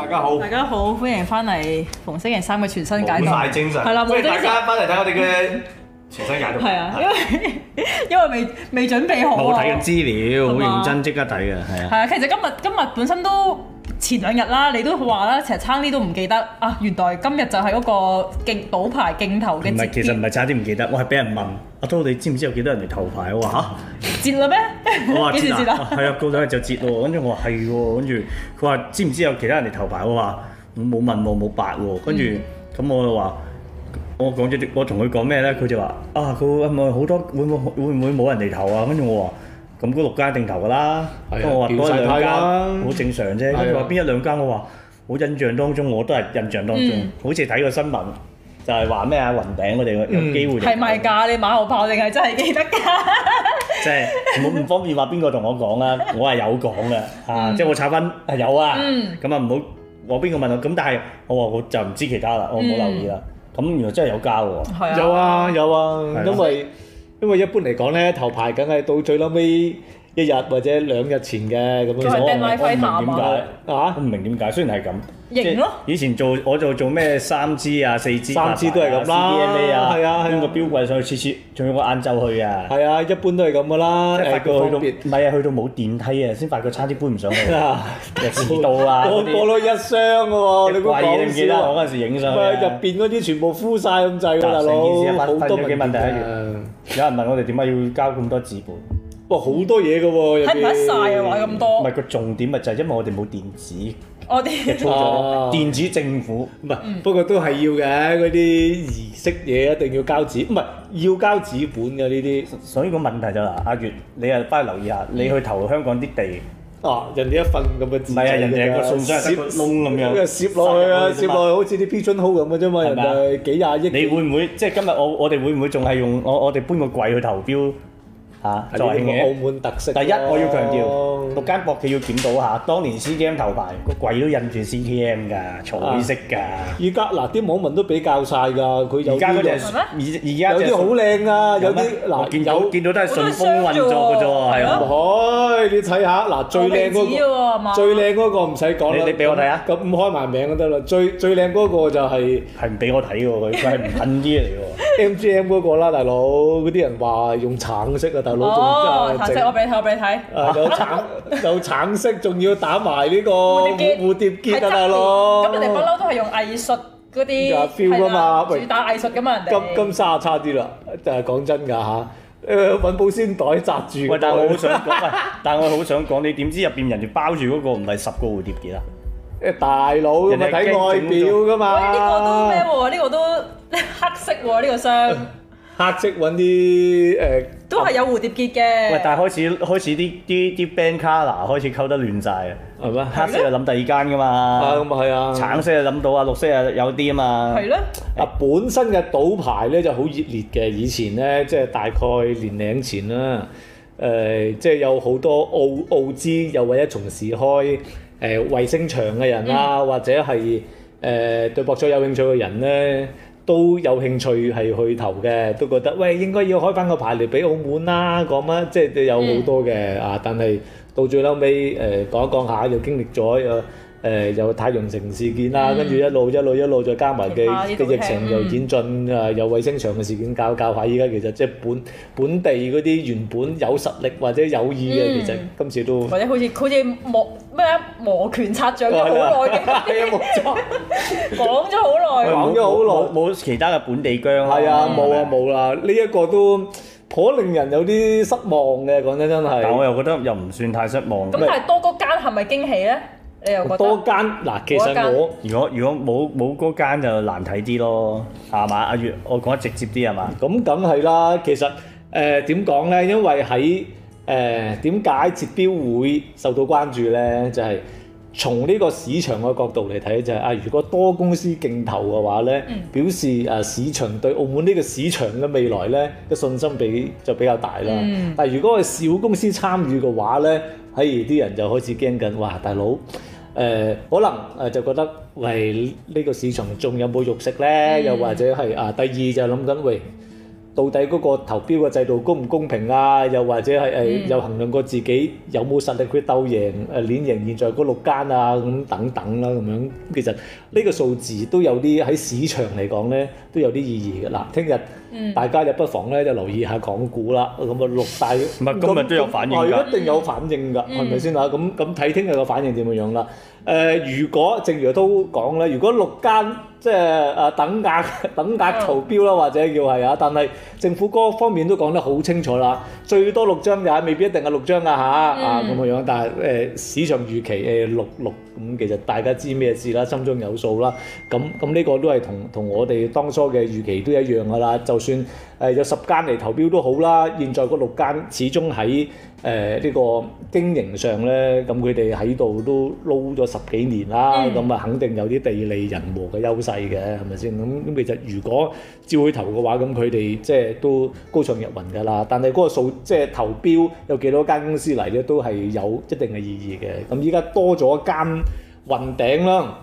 大家好，大家好，歡迎翻嚟《逢星期三嘅傳新解毒》，好精神，係啦，好精神。歡迎大家翻嚟睇我哋嘅傳新解毒，係啊， 因為因為未未準備好啊。睇緊資料，好認真，即刻睇啊，係啊。係啊，其實今日今日本身都。前兩日啦、啊，你都話啦，其實差啲都唔記得啊！原來今日就係嗰個競投牌截標嘅。唔係，其實唔係差啲唔記得，我係俾人問。阿、啊、滔、啊，你知唔知有幾多人嚟投牌？我話嚇，截啦咩？我話幾時截，係啊，過咗去就截喎。跟住我話係喎，跟住佢話知唔知有其他人嚟投牌？我話冇問冇白喎、啊。跟住咁我就話，我講咗啲，我同佢講咩咧？佢就話啊，佢會唔會好多會唔會會唔會冇人嚟投啊？跟住我話。咁嗰六間定投㗎啦，咁我話多一兩間好正常啫。咁你話邊一兩間？我話好印象當中，我都係印象當中，好似睇個新聞，就係話咩啊，雲頂佢哋有機會。係咪㗎？你馬後炮定係真係記得㗎？即係唔好唔方便話邊個同我講啦，我係有講嘅啊，即係我炒翻係有啊，咁啊唔好我邊個問我咁？但係我話我就唔知其他啦，我冇留意啦。咁原來真係有交喎，有啊有啊，因為。因為一般嚟講咧，頭排梗係到最撚尾一日或者兩日前嘅。咁其實，我唔明點解啊？我唔明點解。雖然係咁，咯。以前做我就做咩三支啊、四支。三支都係咁啦、四支啊咩啊，係啊，喺個標櫃上去次次，仲要個晏晝去啊。係啊，一般都係咁噶啦。發覺去到唔係啊，去到冇電梯啊，先發覺差啲搬唔上去啊，遲到啊。過咗一箱嘅喎，你估唔記得我嗰陣時影相，去，入邊嗰啲全部敷晒咁滯嘅大佬。但成件事發，好多嘅問題 有人問我哋點解要交咁多紙本？不哇，好多嘢嘅喎，睇唔睇曬啊？話咁多，唔係、個重點咪就係因為我哋冇電子，我哋錯咗，啊、電子政府唔係，不，嗯、不過都係要嘅嗰啲儀式嘢一定要交紙，唔係要交紙本嘅呢啲。所以個問題就嗱，阿月你啊翻去留意下，嗯、你去投香港啲地。哦，啊、人哋一份咁嘅紙仔，攝窿咁樣，攝落塞去啊，攝落去好似啲 Punch hole 咁嘅啫嘛，吧人哋幾廿億，你會唔會即係今日我我吧我哋會唔會仲係用我我哋搬個櫃去投標啊？作為一個澳門特色，第一我要強調。啊六間博企要檢討下，當年 CGM 頭牌個櫃都印住 CGM 㗎，彩色㗎。而家嗱啲網民都比較曬㗎，佢而家有啲好靚啊，有啲嗱見到見到都係順風運作㗎啫喎。係，唔可以你睇下嗱，最靚嗰個最靚嗰個唔使講啦。你你俾我睇下，咁唔開埋名得啦。最最靚嗰個就係係唔俾我睇喎，佢係唔肯啲嚟喎。M G M 嗰個啦，大佬嗰啲人話用橙色啊，大佬仲加正。橙色我俾你睇，我俾你睇。啊，有橙。有橙色，仲要打埋呢個蝴蝶結啊！大佬咁你哋不嬲都係用藝術嗰啲，主打藝術㗎嘛！金金沙差啲啦，就係講真㗎吓，揾保鮮袋紮住。喂，但係我好想講，但係我好想講，你點知入邊人哋包住嗰個唔係十個蝴蝶結啊？誒大佬，人哋睇外表㗎嘛？呢個都咩喎？呢個都黑色喎？呢個箱黑色揾啲誒。都係有蝴蝶結嘅、啊。喂，但係開始開始啲啲 band color 開始溝得亂晒。啊係咩！黑色就諗第二間噶嘛，係咩橙色就諗到啊，綠色啊有啲啊嘛。係咯係咩。啊，本身嘅賭牌咧就好、是、熱烈嘅。以前咧即係大概年零前啦，誒即係有好多澳澳資又或者從事開誒衞、呃、星場嘅人啦、啊，嗯、或者係誒、呃、對博彩有興趣嘅人咧，都有興趣係去投嘅，都覺得喂，應該要開翻個牌嚟俾澳門啦，講乜，即係有好多嘅啊。但係到最後尾誒講一講下，又經歷咗誒誒有太陽城事件啦，跟住一路一路一路再加埋嘅嘅疫情又演進啊，又衞星場嘅事件搞搞下，依家其實即係本本地嗰啲原本有實力或者有意嘅，其實今次都或者好似好似冇。咩呀？磨拳擦掌咗好耐嘅啲動作，講咗好耐，講咗好耐，冇其他嘅本地姜啦。係啊，冇啊，冇啦。呢一個都頗令人有啲失望嘅，講真真係。但係我又覺得又唔算太失望。咁但係多嗰間係咪驚喜咧？你又覺得？多間嗱？其實我如果如果冇冇嗰間就難睇啲咯，係嘛？阿月，我講得直接啲係嘛？咁梗係啦。其實誒點講咧？因為喺誒，點解截標會受到關注呢？就係、是、從呢個市場嘅角度嚟睇，就係、是、啊，如果多公司競投嘅話呢、嗯、表示誒、啊、市場對澳門呢個市場嘅未來呢，嘅信心比就比較大啦。嗯、但如果係小公司參與嘅話呢，嘿、哎，啲人就開始驚緊，哇，大佬誒、呃、可能誒就覺得喂呢、這個市場仲有冇肉食呢？嗯、又或者係啊第二就諗緊喂。到底嗰個投標嘅制度公唔公平啊？又或者係誒，有、呃嗯、衡量過自己有冇實力去鬥贏誒，攤、呃、贏現在嗰六間啊咁等等啦咁樣。其實呢個數字都有啲喺市場嚟講咧，都有啲意義嘅嗱。聽日大家就不妨咧就留意下港股啦。咁啊，六大唔係今日都有反應㗎，嗯、係一定有反應㗎，係咪先啊？咁咁睇聽日嘅反應點樣樣啦？誒、呃，如果正如都講咧，如果六間即係誒等額等額投標啦，或者叫係啊，但係政府嗰方面都講得好清楚啦，最多六張又係未必一定係六張噶吓啊咁樣、啊嗯、樣，但係誒、呃、市場預期誒、呃、六六咁、嗯，其實大家知咩事啦，心中有數啦，咁咁呢個都係同同我哋當初嘅預期都一樣噶啦，就算誒、呃、有十間嚟投標都好啦，現在嗰六間始終喺誒呢個經營上咧，咁佢哋喺度都撈咗十幾年啦，咁啊、嗯嗯、肯定有啲地利人和嘅優勢。細嘅係咪先？咁、 嗯、 其實如果照去投嘅話，咁佢哋即係都高唱入雲嘅啦。但係嗰個數即係投標有幾多間公司嚟咧，都係有一定嘅意義嘅。咁依家多咗一間雲頂啦。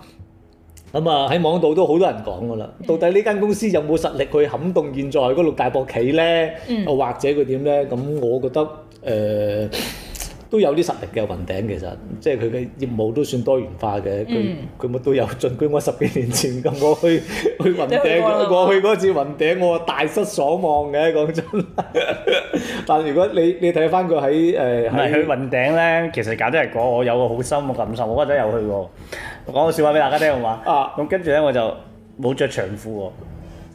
咁啊喺網度都好多人講嘅啦。到底呢間公司有冇實力去撼動現在嗰六大博企咧？嗯，或者佢點咧？咁我覺得誒，呃 都有啲實力嘅雲頂其實，即係佢嘅業務都算多元化嘅。佢佢乜都有。儘管我十幾年前咁，我去去雲頂嗰個去嗰次雲頂，我大失所望嘅。講真。但如果你你睇翻佢喺誒，唔、呃、去雲頂咧，其實簡單嚟講，我有個好深嘅感受。我嗰陣又去過，講個笑話俾大家聽好嘛。啊，咁跟住咧我就冇着長褲喎，即係、啊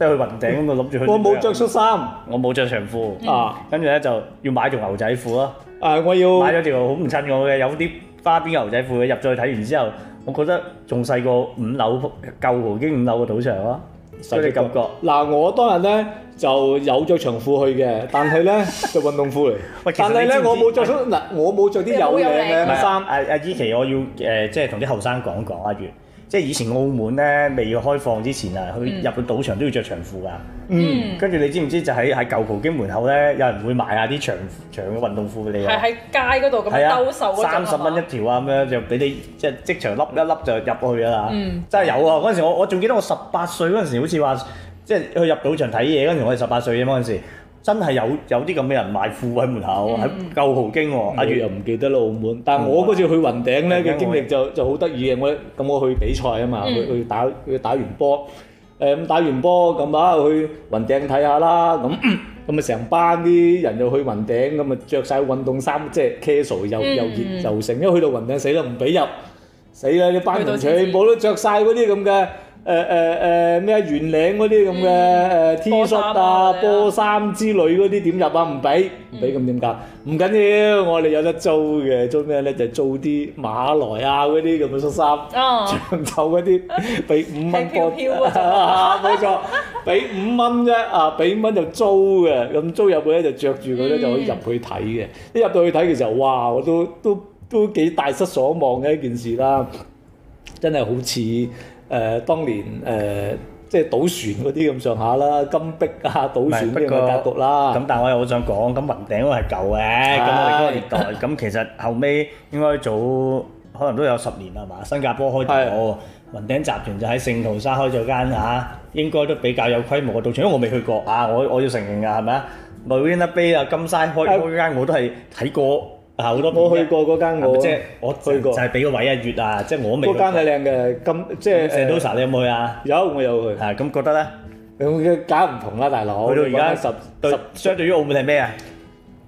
啊就是、去雲頂咁、嗯、我諗住去。我冇着恤衫，我冇着長褲啊。跟住咧就要買條牛仔褲啦。誒，我要買咗條好唔襯我嘅，有啲花邊牛仔褲嘅，入咗去睇完之後，我覺得仲細過五樓舊葡京五樓嘅賭場啊，嗰種感覺。嗱，我當日咧就有著長褲去嘅，但係咧著運動褲嚟。但係咧其，知知我冇着嗱，哎、呦我冇著啲有領嘅衫。誒誒不，依期是、啊、我要誒、呃，即係同啲後生講講啊，月。即係以前澳門咧未要開放之前啊，去入到賭場都要着長褲㗎。嗯，跟住你知唔知就喺喺舊葡京門口咧，有人會賣下啲長長嘅運動褲俾你啊。係喺街嗰度咁兜售。三十蚊一條啊，咁樣就俾你即係即場笠一笠就入去啊。嗯，真係有啊！嗰陣時我我仲記得我十八歲嗰陣時，好似話即係去入賭場睇嘢，跟住我係十八歲啫，嗰陣時，時。真係有有啲咁嘅人賣褲喺門口喺舊濠京喎、啊，阿月、嗯啊、又唔記得咯，澳門，但係我嗰次去雲頂咧嘅、嗯、經歷就就好得意嘅，我咁我去比賽啊嘛，嗯、去去打去打完波，誒、嗯、咁打完波咁啊去雲頂睇下啦，咁咁咪成班啲人又去雲頂，咁咪着晒運動衫，即係 casual、so, 又又熱、嗯、又盛，因為去到雲頂死啦唔俾入，死啦啲班人全部都着晒嗰啲咁嘅。誒誒誒咩圓領嗰啲咁嘅誒 T 恤啊波衫之類，嗰啲點入啊，唔俾唔俾。咁點解？唔緊要，我哋有得租嘅，租咩咧？就租啲馬來亞嗰啲咁嘅恤衫長袖嗰啲，俾五蚊啊！冇錯，俾五蚊啫啊，俾五蚊就租嘅，咁租入去咧，就着住佢咧，就可以入去睇嘅。一入到去睇嘅時候，哇，我都都都幾大失所望嘅一件事啦，真係好似～誒、呃、當年誒、呃、即係賭船嗰啲咁上下啦，金碧啊賭船呢個格局啦。咁但係我又好想講，咁雲頂都係舊嘅，咁 我哋嗰個年代，咁其實後尾應該早可能都有十年啦嘛。新加坡開店我 雲頂集團就喺聖淘沙開咗間嚇，應該都比較有規模嘅賭場，因為我未去過啊，我我要承認㗎係咪啊？Marina Bay 啊，金沙開開間我都係睇過。好多，我去過嗰間我即係我去過，就係俾個位啊，月啊，即係我未。嗰間係靚嘅金，即係成都沙，你有冇去啊？有我有去。係咁覺得咧？咁嘅搞唔同啦，大佬。佢到而家十對十相對於澳門係咩啊？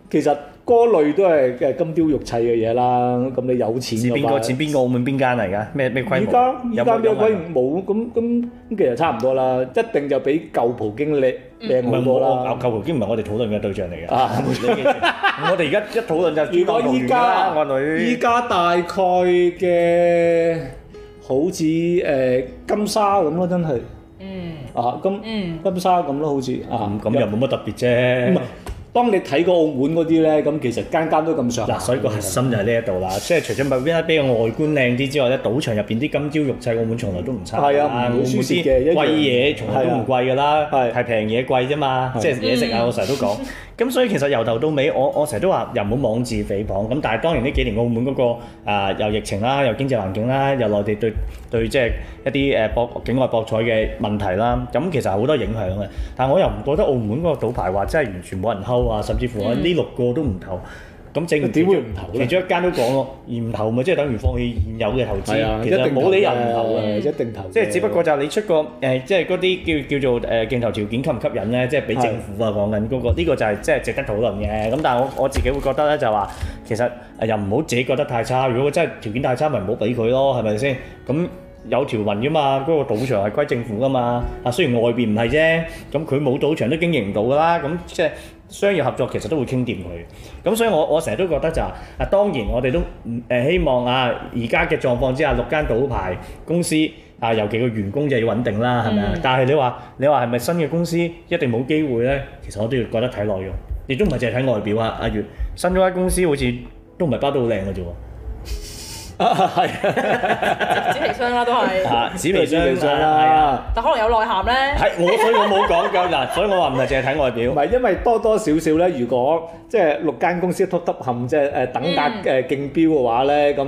其實嗰類都係誒金雕玉砌嘅嘢啦。咁你有錢？錢邊個？錢邊個澳門邊間嚟噶？咩咩規模而家而家咩鬼冇？咁咁咁其實差唔多啦。一定就俾舊葡京歷。唔係我啦，牛頭已經唔係我哋討論嘅對象嚟嘅。啊， 我哋而家一討論就轉到鴻源啦。依家大概嘅好似誒、呃、金沙咁咯，真係。嗯。啊，金、嗯、金沙咁咯，好似。咁咁又冇乜特別啫。嗯當你睇過澳門嗰啲咧，咁其實間間都咁上。嗱、啊，所以、嗯個核心就係呢一度啦，即係除咗比較外觀靚啲之外咧，賭場入邊啲金雕玉砌，澳門從來都唔差。係啊，好舒適嘅，貴嘢從來都唔貴㗎喇，係平嘢貴啫嘛，即係嘢食啊，我成日都講。咁、嗯、所以其實由頭到尾，我我成日都話，又唔好妄自菲薄。咁但係當然呢幾年澳門嗰、嗰個啊，又疫情啦，又經濟環境啦，又內地對對即係一啲誒博境外博彩嘅問題啦，咁其實好多影響嘅。但我又唔覺得澳門嗰個賭牌話真係完全冇人睺。話甚至乎喺呢六個都唔投，咁政府點會唔投咧？其中一間都講咯，而唔投咪即係等於放棄現有嘅投資。其實一定冇理由唔投嘅，一定投。即係只不過就係你出個誒，即係嗰啲叫叫做誒競投條件吸唔吸引咧，即係俾政府啊講緊嗰個呢個就係即係值得討論嘅。咁但係我我自己會覺得咧就話，其實又唔好自己覺得太差。如果真係條件太差，咪唔好俾佢咯，係咪先？咁有條文噶嘛，嗰個賭場係歸政府噶嘛。啊，雖然外邊唔係啫，咁佢冇賭場都經營唔到噶啦。咁即係。商業合作其實都會傾掂佢，咁所以我我成日都覺得就係、是、啊當然我哋都誒、嗯呃、希望啊而家嘅狀況之下，六間賭牌公司啊，尤其個員工就要穩定啦係咪啊？嗯、但係你話你話係咪新嘅公司一定冇機會咧？其實我都要覺得睇內容，亦都唔係淨係睇外表啊！阿月新咗間公司好似都唔係包得好靚嘅啫喎。啊，係紙皮箱啦，都係嚇紙皮箱啦，但可能有內涵咧。係，我所以我冇講㗎嗱，所以我話唔係淨係睇外表，唔係因為多多少少咧，如果即係六間公司一突突冚即係誒等級誒競標嘅話咧，咁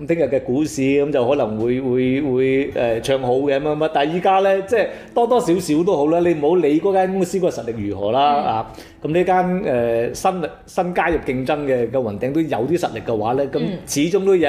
咁聽日嘅股市咁就可能會會會誒唱好嘅乜乜，但係依家咧即係多多少少都好啦，你唔好理嗰間公司個實力如何啦啊，咁呢間誒新新加入競爭嘅嘅雲頂都有啲實力嘅話咧，咁始終都有。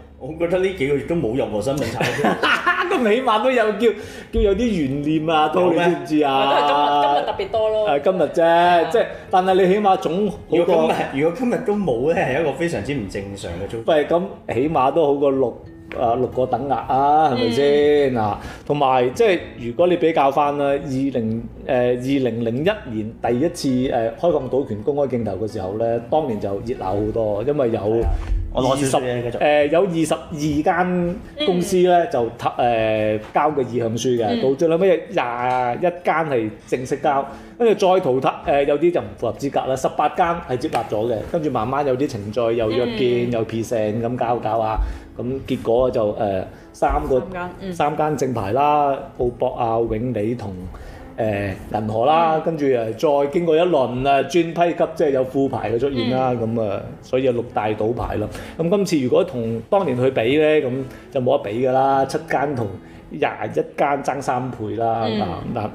我覺得呢幾個月都冇任何新聞出，咁起碼都有叫叫有啲懸念啊，多你知唔知啊？我都係今日，今日特別多咯。係今日啫，的即係，但係你起碼總好過。如果今日如果今日都冇咧，係一個非常之唔正常嘅組。唔咁、嗯，起碼都好過六啊、呃、六個等額啊，係咪先嗱？同埋、嗯、即係如果你比較翻啦，二零誒二零零一年第一次誒、呃、開放賭權公開競投嘅時候咧，當年就熱鬧好多，因為有。我攞住十誒有二十二間公司咧、嗯、就投、呃、交個意向書嘅，到最後尾廿一間係正式交，跟住再淘汰誒、呃、有啲就唔符合資格啦，十八間係接納咗嘅，跟住慢慢有啲程序又約見又 present 咁搞搞下，咁、嗯、結果就誒、呃、三個三間、嗯、三間正牌啦，澳博啊永利同。誒銀河啦，跟住誒再經過一輪誒轉批給，即係有副牌嘅出現啦，咁啊、嗯嗯，所以有六大賭牌咯。咁、嗯、今次如果同當年去比咧，咁就冇得比㗎啦，七間同廿一間爭三倍啦。嗱、嗯，咁但，但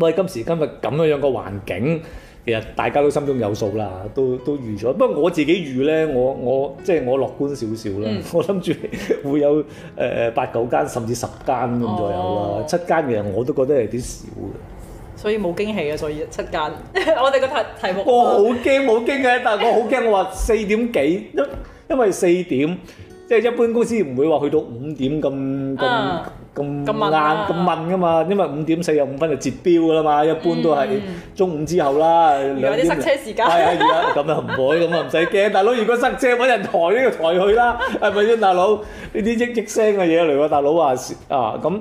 我哋今時今日咁樣樣個環境。其實大家都心中有數啦，都都預咗。不過我自己預呢，我我即係、就是、我樂觀少少啦。嗯、我諗住會有誒八九間甚至十間咁左右啦。哦、七間其實我都覺得有啲少嘅，所以冇驚喜啊。所以七間， 我哋個題目，我好驚冇驚嘅，但係我好驚我話四點幾，因因為四點。即係一般公司唔會話去到五點咁咁咁晏咁問噶嘛，因為五點四十五分就截標噶啦嘛，一般都係中午之後啦。兩點，如果啲塞車時間，咁啊唔會，咁啊唔使驚，大佬。如果塞車揾人抬都抬去啦，係咪先？大佬呢啲億億聲嘅嘢嚟喎，大佬話啊咁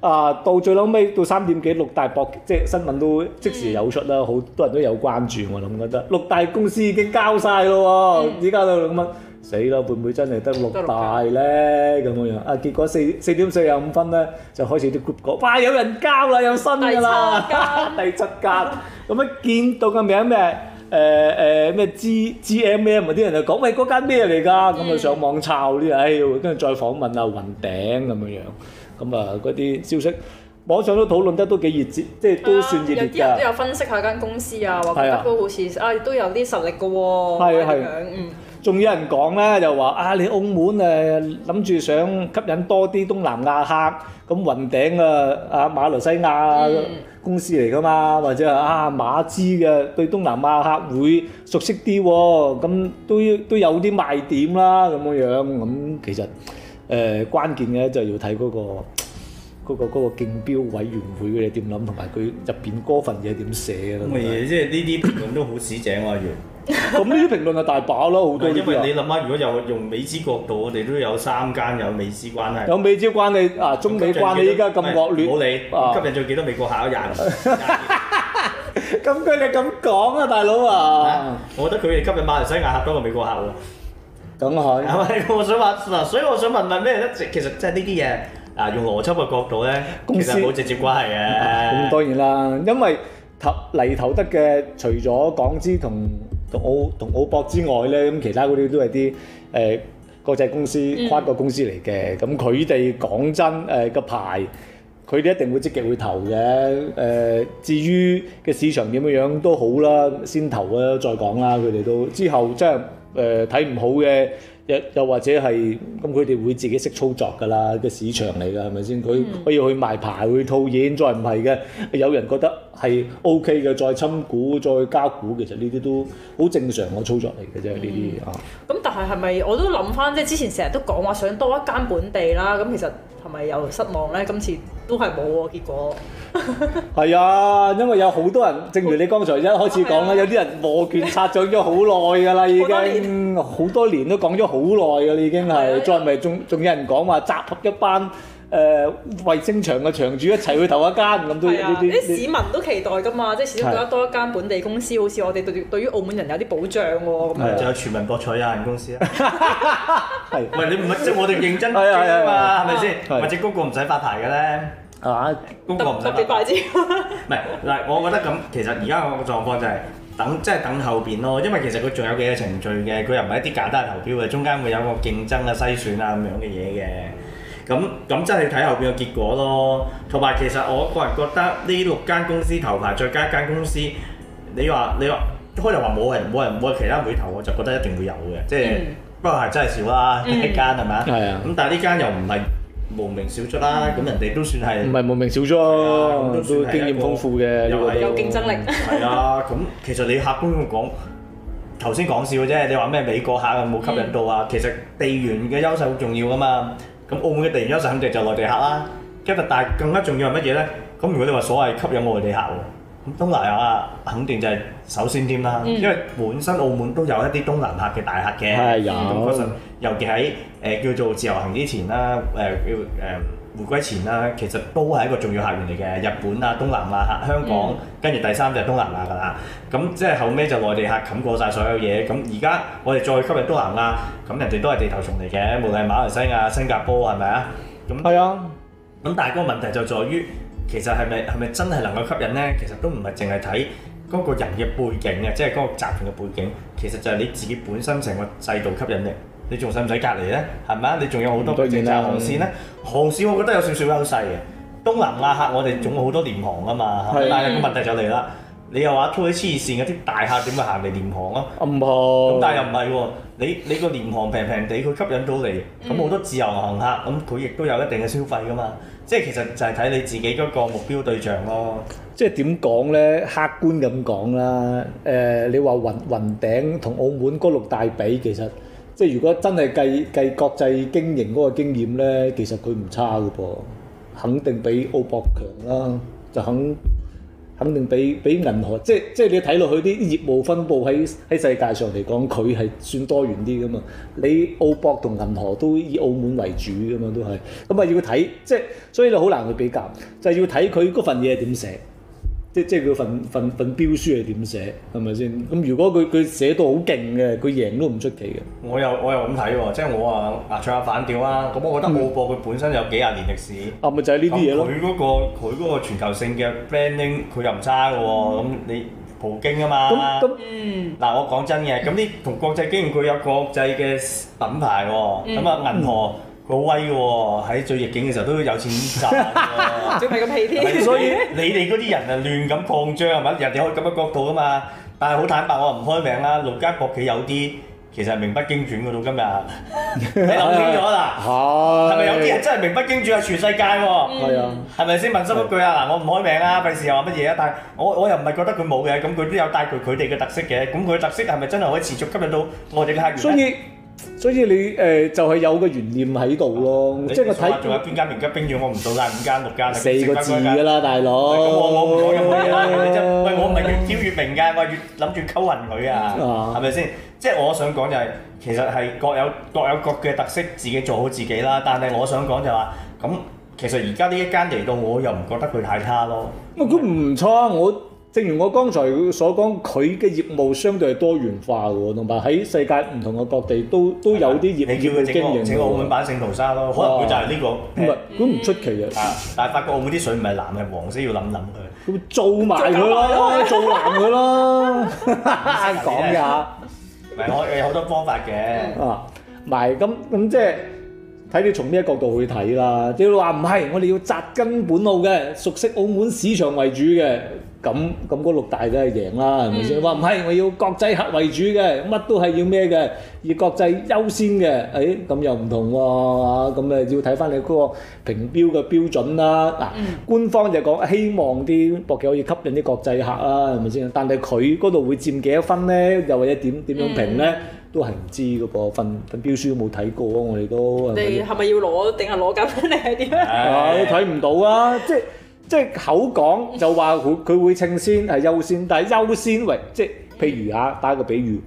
啊到最撈尾到三點幾六大博，即係新聞都即時有出啦，好多人都有關注。我諗覺得六大公司已經交曬咯喎，依家到兩蚊。死啦，會唔會真係得六大咧咁樣樣啊？結果四四點四廿五分咧，就開始啲 group 講：哇！有人交啦，有新㗎啦，第七間，咁一見到個名咩？誒誒咩 G G M M 啊！啲人就講：喂，嗰間咩嚟㗎？咁啊上網抄啲，哎跟住再訪問啊，雲頂咁樣樣。咁啊，嗰啲消息網上都討論得都幾熱熱，即係都算熱，啲人都有分析下間公司，覺得啊，或者都好似啊，都有啲實力㗎喎。係係對。對仲有人講咧，就話啊，你澳門誒諗住想吸引多啲東南亞客，咁雲頂啊，啊馬來西亞公司嚟噶嘛，或者啊馬芝嘅對東南亞客會熟悉啲，咁都都有啲賣點啦，咁樣咁其實誒關鍵嘅就要睇嗰個嗰個嗰個競標委員會嘅你點諗，同埋佢入邊嗰份嘢點寫嘅啦。咁嘅嘢，即係呢啲評論都好市井喎，楊。咁呢啲評論啊，大把咯好多啊！因為你諗下，如果有用美資角度，我哋都有三間有美資關係，有美資關係啊，中美關係而家咁惡劣，冇理吸引咗幾多美國客啊廿？咁佢哋咁講啊，大佬啊，我覺得佢哋吸引馬來西亞客多過美國客喎。咁佢係咪我想話嗱？所以我想問問咩咧？其實即係呢啲嘢啊，用邏輯嘅角度咧，其實冇直接關係嘅。咁當然啦，因為投嚟投得嘅，除咗港資同同澳同澳博之外咧，咁其他嗰啲都係啲誒國際公司、跨國公司嚟嘅。咁佢哋講真誒個、呃、牌，佢哋一定會積極會投嘅。誒、呃、至於嘅市場點樣樣都好啦，先投啊，再講啦、啊。佢哋都之後即係誒睇唔好嘅。又或者係咁，佢哋會自己識操作㗎啦，個市場嚟㗎，係咪先？佢可以去賣牌，去套現，再唔係嘅，有人覺得係 OK 嘅，再侵股，再加股，其實呢啲都好正常嘅操作嚟嘅啫，呢啲、嗯、啊。咁但係係咪我都諗翻，即係之前成日都講話想多一間本地啦，咁其實係咪又失望咧？今次？都係冇喎，結果係 啊，因為有好多人，正如你剛才一開始講啦， 啊、有啲人摩拳擦掌咗好耐㗎啦，已經好 多，年多年都講咗好耐㗎啦，已經係再唔係仲仲有人講話集合一班。誒，衞星場嘅場主一齊去投一間，咁都係啊，啲市民都期待㗎嘛，即係始終多得多一間本地公司，好似我哋對對於澳門人有啲保障喎。咁啊，仲有全民博彩有限公司啊，係，唔係，你唔係即係我哋認真啲啊嘛，係咪先？或者嗰個唔使發牌嘅咧？啊，嗰個唔使特別牌照。唔係嗱，我覺得咁，其實而家我個狀況就係等，即係等後邊咯，因為其實佢仲有幾個程序嘅，佢又唔係一啲簡單投標嘅，中間會有個競爭啊、篩選啊咁樣嘅嘢嘅。咁咁真係睇後邊嘅結果咯。同埋其實我個人覺得呢六間公司頭排再加一間公司，你話你話都又話冇人冇人冇其他會投，我就覺得一定會有嘅。即、就、係、是嗯、不過係真係少啦，嗯、一間係咪啊？係啊、嗯。咁但係呢間又唔係無名小卒啦。咁、嗯、人哋都算係唔係無名小卒，啊、都，都經驗豐富嘅。又有有競爭力。係 啊。咁其實你客觀咁講，頭先講笑嘅啫。你話咩美國客冇吸引到啊？嗯、其實地緣嘅優勢好重要㗎嘛。咁澳門嘅地緣優勢肯定就係內地客啦，跟住但係更加重要係乜嘢咧？咁如果你話所謂吸引外地客喎，咁東南亞肯定就係首先添啦，嗯、因為本身澳門都有一啲東南亞嘅大客嘅，相信尤其喺誒、呃、叫做自由行之前啦，誒叫誒。呃呃回歸前啦，其實都係一個重要客源嚟嘅，日本啊、東南亞、啊、香港，跟住、嗯、第三就係東南亞㗎啦。咁即係後尾就內地客冚過晒所有嘢。咁而家我哋再吸引東南亞，咁人哋都係地頭蟲嚟嘅，無論係馬來西亞、新加坡係咪啊？咁係啊。咁但係嗰個問題就在於，其實係咪係咪真係能夠吸引呢？其實都唔係淨係睇嗰個人嘅背景啊，即係嗰個集團嘅背景，其實就係你自己本身成個制度吸引力。你仲使唔使隔離呢？係咪啊？你仲有好多直接航線呢？航線我覺得有少少優勢嘅。東南亞客我哋總好多廉航噶嘛，嗯、的但係個問題就嚟啦。你又話推啲黐線嘅啲大客點去行嚟廉航啊？咁、嗯、但係又唔係喎，你你個廉航平平地，佢吸引到嚟咁好多自由行客，咁佢亦都有一定嘅消費噶嘛。即、就、係、是、其實就係睇你自己嗰個目標對象咯、嗯。即係點講呢？客觀咁講啦，誒、呃，你話雲雲頂同澳門嗰六大比，其實～即係如果真係計計國際經營嗰個經驗咧，其實佢唔差㗎噃，肯定比澳博強啦，就肯肯定比比銀河。即係即係你睇落去啲業務分布喺喺世界上嚟講，佢係算多元啲噶嘛。你澳博同銀河都以澳門為主咁樣都係，咁啊要睇即係，所以你好難去比較，就係、係、要睇佢嗰份嘢係點寫。即即係佢份份份標書係點寫，係咪先？咁如果佢佢寫到好勁嘅，佢贏都唔出奇嘅。我又我又咁睇喎，即係我話嗱、啊，唱下反調啦、啊。咁我覺得澳博佢、嗯、本身有幾廿年歷史，啊，咪就係呢啲嘢咯。佢嗰、嗰個佢嗰個全球性嘅 branding，佢又唔差嘅喎、哦。咁、嗯、你葡京啊嘛。咁嗱、嗯嗯，我講真嘅，咁啲同國際經驗佢有國際嘅品牌喎、哦。咁啊、嗯，銀河。嗯好威嘅喎，喺最逆境嘅時候都有錢賺，仲係咁氣添。所以你哋嗰啲人啊，亂咁擴張係咪？人哋可以咁嘅角度啊嘛。但係好坦白，我唔開名啦。六家國企有啲其實名不經傳嘅，到今日。你諗清楚啦，係咪有啲人真係名不經傳啊？全世界喎，係啊，係咪先，問心一句啊？嗱，我唔開名啦，費事又話乜嘢啊？但係我我又唔係覺得佢冇嘅，咁佢都有帶佢佢哋嘅特色嘅。咁佢嘅特色係咪真係可以持續吸引到我哋嘅客源咧？所以你誒、呃、就係、是、有個懸念喺度咯，嗯、你即係我睇仲有邊間名家冰飲我唔到啦，五間六間四個字㗎啦，大佬。我嘢喂，嗯嗯、我唔係越挑越明嘅，我係越諗住溝勻佢啊，係咪先？即係我想講就係、是、其實係各，各有各有各嘅特色，自己做好自己啦。但係我想講就話、是、咁，其實而家呢一間嚟到我又唔覺得佢太差咯。咁唔、嗯、錯啊，我。正如我剛才所講，佢嘅業務相對係多元化嘅喎，同埋喺世界唔同嘅各地都都有啲業務嘅經營嘅喎。請個、啊嗯、 澳門版聖淘沙咯，可能佢就係呢個。唔係，咁唔出奇啊！但係發覺澳門啲水唔係藍係黃色，要諗諗佢。佢做埋佢咯，做藍佢咯。講嘅嚇，我有好多方法嘅。 啊，咪咁咁即係睇你從咩角度去睇啦？你話唔係，我哋要紮根本澳嘅，熟悉澳門市場為主嘅。咁咁嗰六大梗係贏啦，係咪先？話唔係，我要國際客為主嘅，乜都係要咩嘅，以國際優先嘅，誒咁又唔同喎，咁誒要睇翻你嗰個評標嘅標準啦。嗱，官方就講希望啲博企可以吸引啲國際客啊，係咪先？但係佢嗰度會佔幾多分咧？又或者點點樣評咧？都係唔知㗎噃，份份標書都冇睇過，我哋都你係咪要攞定係攞加分定係點咧？啊，都睇唔到啊！即係。即係口講就話佢佢會稱先係優先，但係優先域。即係譬如啊，打一個比喻，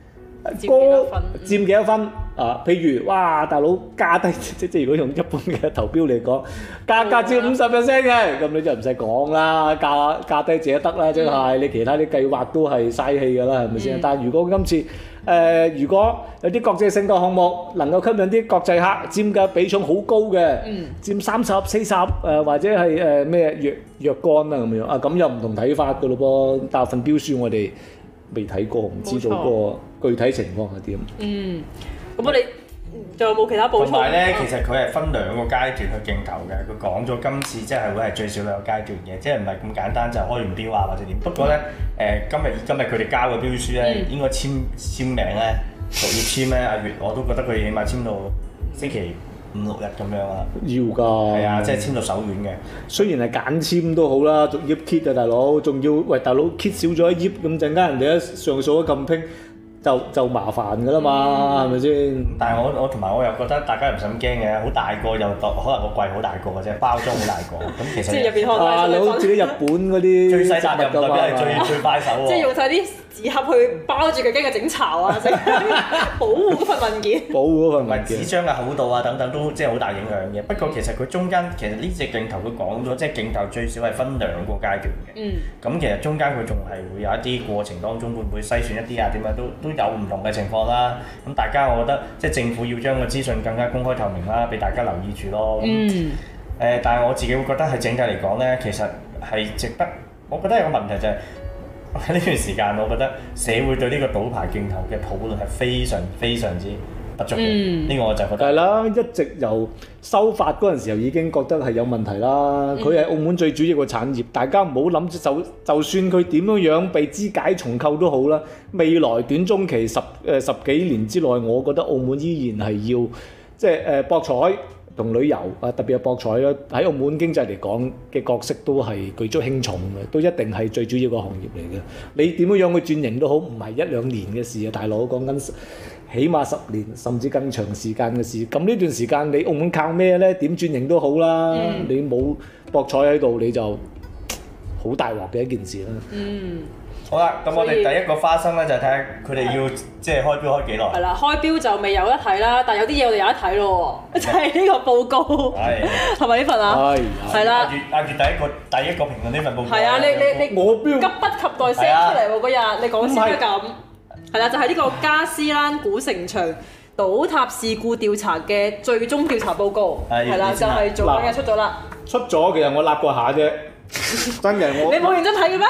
高佔幾多分佔幾多分啊？譬如哇，大佬價低，即即如果用一般嘅投標嚟講，價格佔五十 percent 嘅，咁你就唔使講啦，價價低者得啦，即係、嗯、你其他啲計劃都係嘥氣㗎啦，係咪先？嗯、但如果今次，誒、呃，如果有啲國際性嘅項目能夠吸引啲國際客，佔嘅比重好高嘅，嗯、佔三十四十，誒或者係誒咩若若干啊咁樣啊，咁又唔同睇法嘅咯噃。但份標書我哋未睇過，唔知道錯個具體情況係點。嗯，咁你。嗯仲有冇其他補充？同埋咧，其實佢係分兩個階段去競投嘅。佢講咗今次即係會係最少兩個階段嘅，即係唔係咁簡單就是、開完標啊或者點。不過咧，誒、嗯呃、今日今日佢哋交個標書咧，應該簽、嗯、簽名咧，逐頁簽咧、啊。阿月我都覺得佢起碼簽到星期五六日咁樣要的啊。要㗎。係啊，即係簽到手軟嘅。雖然係簡簽都好啦，逐頁揭啊，大佬，仲要喂大佬揭少咗一頁咁，陣間人哋一上數一咁拼。就就麻煩嘅啦嘛，係咪先？是是但係我我同埋我又覺得大家唔使咁驚嘅，好大個又可能個櫃好大個嘅啫，包裝大、啊大啊、好大個咁。即係入邊可能大啲嘅。哇！攞住啲日本嗰啲最細粒嘅嘛。最最，最快手即係用晒啲。紙盒去包住佢，跟佢整巢啊，保護嗰份文件， 保護嗰份文件，紙張嘅厚度啊等等都即係好大影響嘅。不過其實佢中間其實呢隻鏡頭佢講咗，即係鏡頭最少係分兩個階段嘅。嗯，咁其實中間佢仲係會有一啲過程當中會唔會篩選一啲啊點啊都都有唔同嘅情況啦、啊。咁大家我覺得即係政府要將個資訊更加公開透明啦，俾大家留意住咯。嗯。誒、呃，但係我自己會覺得係整體嚟講咧，其實係值得。我覺得有個問題就係、是。喺呢段時間，我覺得社會對呢個賭牌競投嘅討論係非常非常之不足。嘅、嗯。呢個我就覺得係啦，一直由修法嗰陣時候已經覺得係有問題啦。佢係澳門最主要個產業，嗯、大家唔好諗住就就算佢點樣樣被肢解重構都好啦。未來短中期十誒、呃、十幾年之內，我覺得澳門依然係要即係誒、呃、博彩。同旅遊啊，特別係博彩咧，喺澳門經濟嚟講嘅角色都係舉足輕重嘅，都一定係最主要嘅行業嚟嘅。你點樣樣去轉型都好，唔係一兩年嘅事啊，大佬，講緊起碼十年甚至更長時間嘅事。咁呢段時間你澳門靠咩呢？點轉型都好啦、啊，嗯、你冇博彩喺度，你就好大鑊嘅一件事啦、啊。嗯好啦，咁我哋第一個花生咧，就睇下佢哋要即係開標開幾耐？係啦，開標就未有得睇啦，但係有啲嘢我哋有得睇咯，就係呢個報告，係咪呢份啊？係係啦。壓住壓住，第一個第一個評論呢份報告。係啊，你你你我標急不及待寫出嚟喎嗰日，你講先得咁。係啦，就係呢個加斯蘭古城牆倒塌事故調查嘅最終調查報告。係啦，就係做緊嘅出咗啦。出咗，其實我擸過下啫，真嘅我。你冇認真睇嘅咩？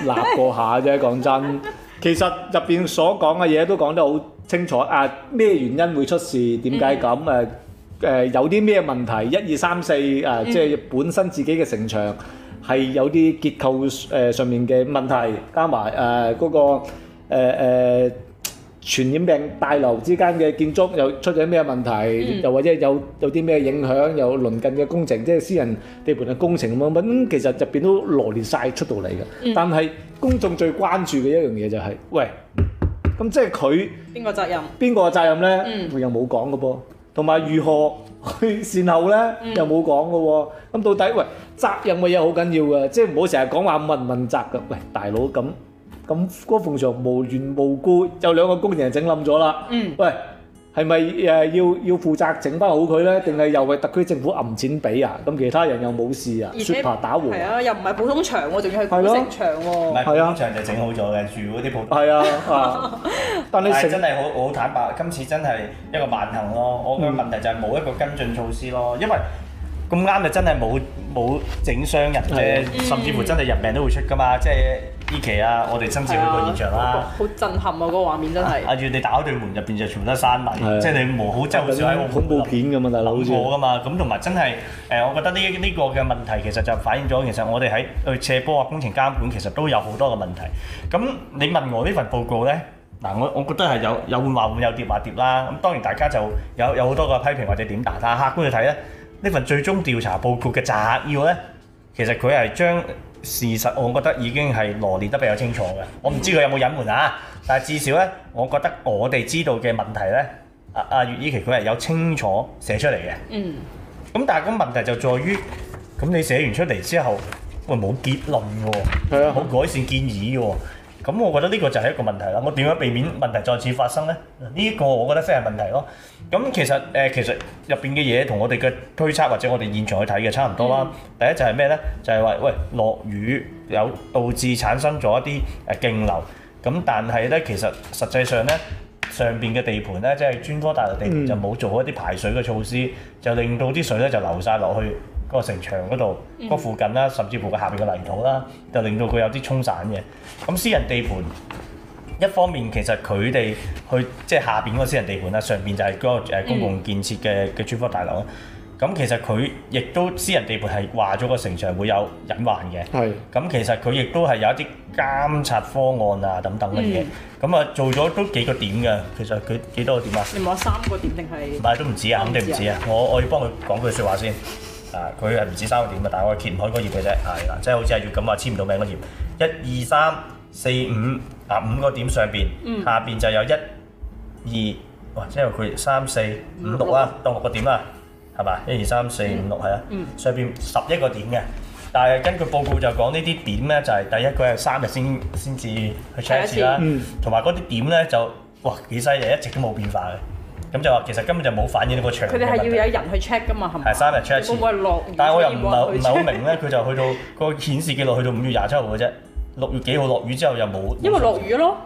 立過下啫，講真，其實入邊所講嘅嘢都講得好清楚。啊，咩原因會出事？點解咁？誒誒、嗯呃，有啲咩問題？一二三四誒，嗯、即係本身自己嘅城牆係有啲結構誒上面嘅問題。加埋誒嗰個誒、呃呃傳染病大樓之間嘅建築又出咗咩問題？嗯、又或者有有啲咩影響？有鄰近嘅工程，即係私人地盤嘅工程咁樣，咁其實入邊都羅列晒出到嚟嘅。嗯、但係公眾最關注嘅一樣嘢就係、是，喂，咁即係佢邊個責任？邊個責任咧？佢、嗯、又冇講嘅噃。同埋如何去善後咧？嗯、又冇講嘅喎。咁到底喂，責任嘅嘢好緊要嘅，即係唔好成日講話問問責嘅。喂，大佬咁。咁嗰個牆無緣無故有兩個工人整冧咗啦。嗯，喂，係咪誒要要負責整翻好佢咧？定係又係特區政府揞錢俾啊？咁其他人又冇事啊？雪且打和係啊，又唔係普通牆喎，仲要係古城牆喎。唔係、啊、普通牆就整好咗嘅，住嗰啲普通係啊。但係 真係好好坦白，今次真係一個萬幸咯。我嘅問題就係冇一個跟進措施咯，因為。咁啱就真係冇冇整傷人嘅，的甚至乎真係人命都會出㗎嘛！即係呢期啊，我哋親自去到現場啦、啊，好震撼啊、個畫面真係。阿月、啊，啊、你打開對門入邊就全部都係山泥，的即係你冇好就好似喺個恐怖片咁啊扭過㗎嘛？咁同埋真係誒，我覺得呢呢個嘅問題其實就反映咗，其實我哋喺去斜坡啊工程監管其實都有好多嘅問題。咁你問我呢份報告咧，嗱、啊、我我覺得係有有碗話碗有碟話有跌話跌啦。咁當然大家就有有好多個批評或者點答，但係客觀去睇咧。呢份最終調查報告嘅摘要咧，其實佢係將事實，我覺得已經係羅列得比較清楚嘅。我唔知佢有冇隱瞞啊，但係至少咧，我覺得我哋知道嘅問題咧，阿阿月以奇佢係有清楚寫出嚟嘅。嗯。咁但係個問題就在於，咁你寫完出嚟之後，喂冇結論喎，係啊、嗯，冇改善建議喎。咁我覺得呢個就係一個問題啦。我點樣避免問題再次發生呢？呢、這個我覺得非係問題咯。咁其實誒、呃，其實入邊嘅嘢同我哋嘅推測或者我哋現場去睇嘅差唔多啦。嗯、第一就係咩呢？就係、是、話喂落雨有導致產生咗一啲誒徑流。咁但係呢，其實實際上呢，上邊嘅地盤呢，即、就、係、是、專科大樓地盤、嗯、就冇做好一啲排水嘅措施，就令到啲水呢就流晒落去。個城牆嗰度，個、嗯、附近啦，甚至乎個下邊嘅泥土啦，就令到佢有啲沖散嘅。咁私人地盤一方面，其實佢哋去即係、就是、下邊嗰個私人地盤啦，上邊就係嗰個公共建設嘅嘅住屋大樓。咁其實佢亦都私人地盤係話咗個城牆會有隱患嘅。係是。咁其實佢亦都係有一啲監察方案啊，等等嘅嘢。咁啊、嗯，做咗都幾個點㗎？其實佢幾多個點啊？你話三個點定係？唔係，都唔止啊，肯定唔止啊。我我要幫佢講句説話先。啊！佢係唔止三個點個個 1, 2, 3, 4, 5, 啊，但係我係揭唔開嗰個頁嘅啫，係啦，即係好似係葉咁啊，簽唔到名嗰頁，一、二、三、四、五啊，五個點上邊，嗯、下邊就有一、二，哇！即係佢三四五六啦，當、嗯、六個點啊，係嘛？一二三四五六，係啊，上邊十一個點嘅，但係根據報告就講呢啲點咧，就係、是、第一佢係三日先先至去 check 啦，同埋嗰啲點咧，就哇幾犀利，一直都冇變化嘅。咁就話其實根本就冇反映到個場。佢哋係要有人去 check 㗎嘛，係咪？係三日 check 但係我又唔留唔係好明咧，佢就去到、嗰個顯示記錄去到五月廿七號嘅啫。六月幾號落雨之後又冇。因為落雨咯。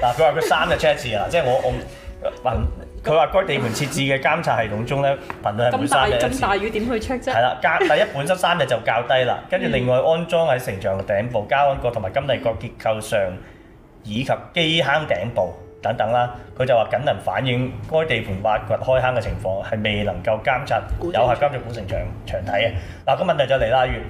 嗱佢話三日 check 次啊，即、就、係、是、我我頻，佢話該地盤設置嘅監察系統中咧頻率係每三日一次。咁大咁大雨點去 check 啫？係啦， 加第一本身三日就較低啦，跟住另外安裝喺城牆嘅頂部、嗯、加安角同埋金麗角結構上以及基坑頂部。等等啦，佢就話僅能反映該地盤挖掘開坑嘅情況，係未能夠監察有效監察古城牆牆體嘅。嗱，個問題就嚟啦，袁，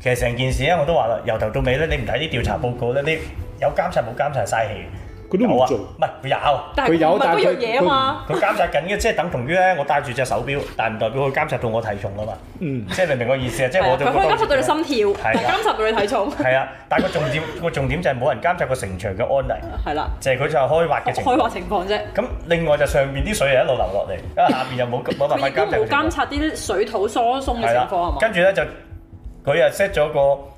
其實成件事咧，我都話啦，由頭到尾咧，你唔睇啲調查報告咧，你有監察冇監察嘥氣。佢都冇做，唔係佢有，但係佢有！唔係嗰樣嘢啊嘛。佢監察緊嘅，即係等同於咧，我戴住隻手表，但係唔代表佢監察到我體重啊嘛。嗯， 即係明唔明我意思啊？即係我。佢可以監察到你心跳，啊、監察到你體重。係啊，啊，但係個重點個重點就係冇人監察個城牆嘅安危。係啦， 就係佢就係開挖嘅情。開挖情況啫。咁已另外就上邊啲水一面又一路流落嚟，因咁下邊又冇冇辦法監察。佢都 監察啲水土疏鬆嘅情況係嘛？ 跟住咧就佢又 set 咗個。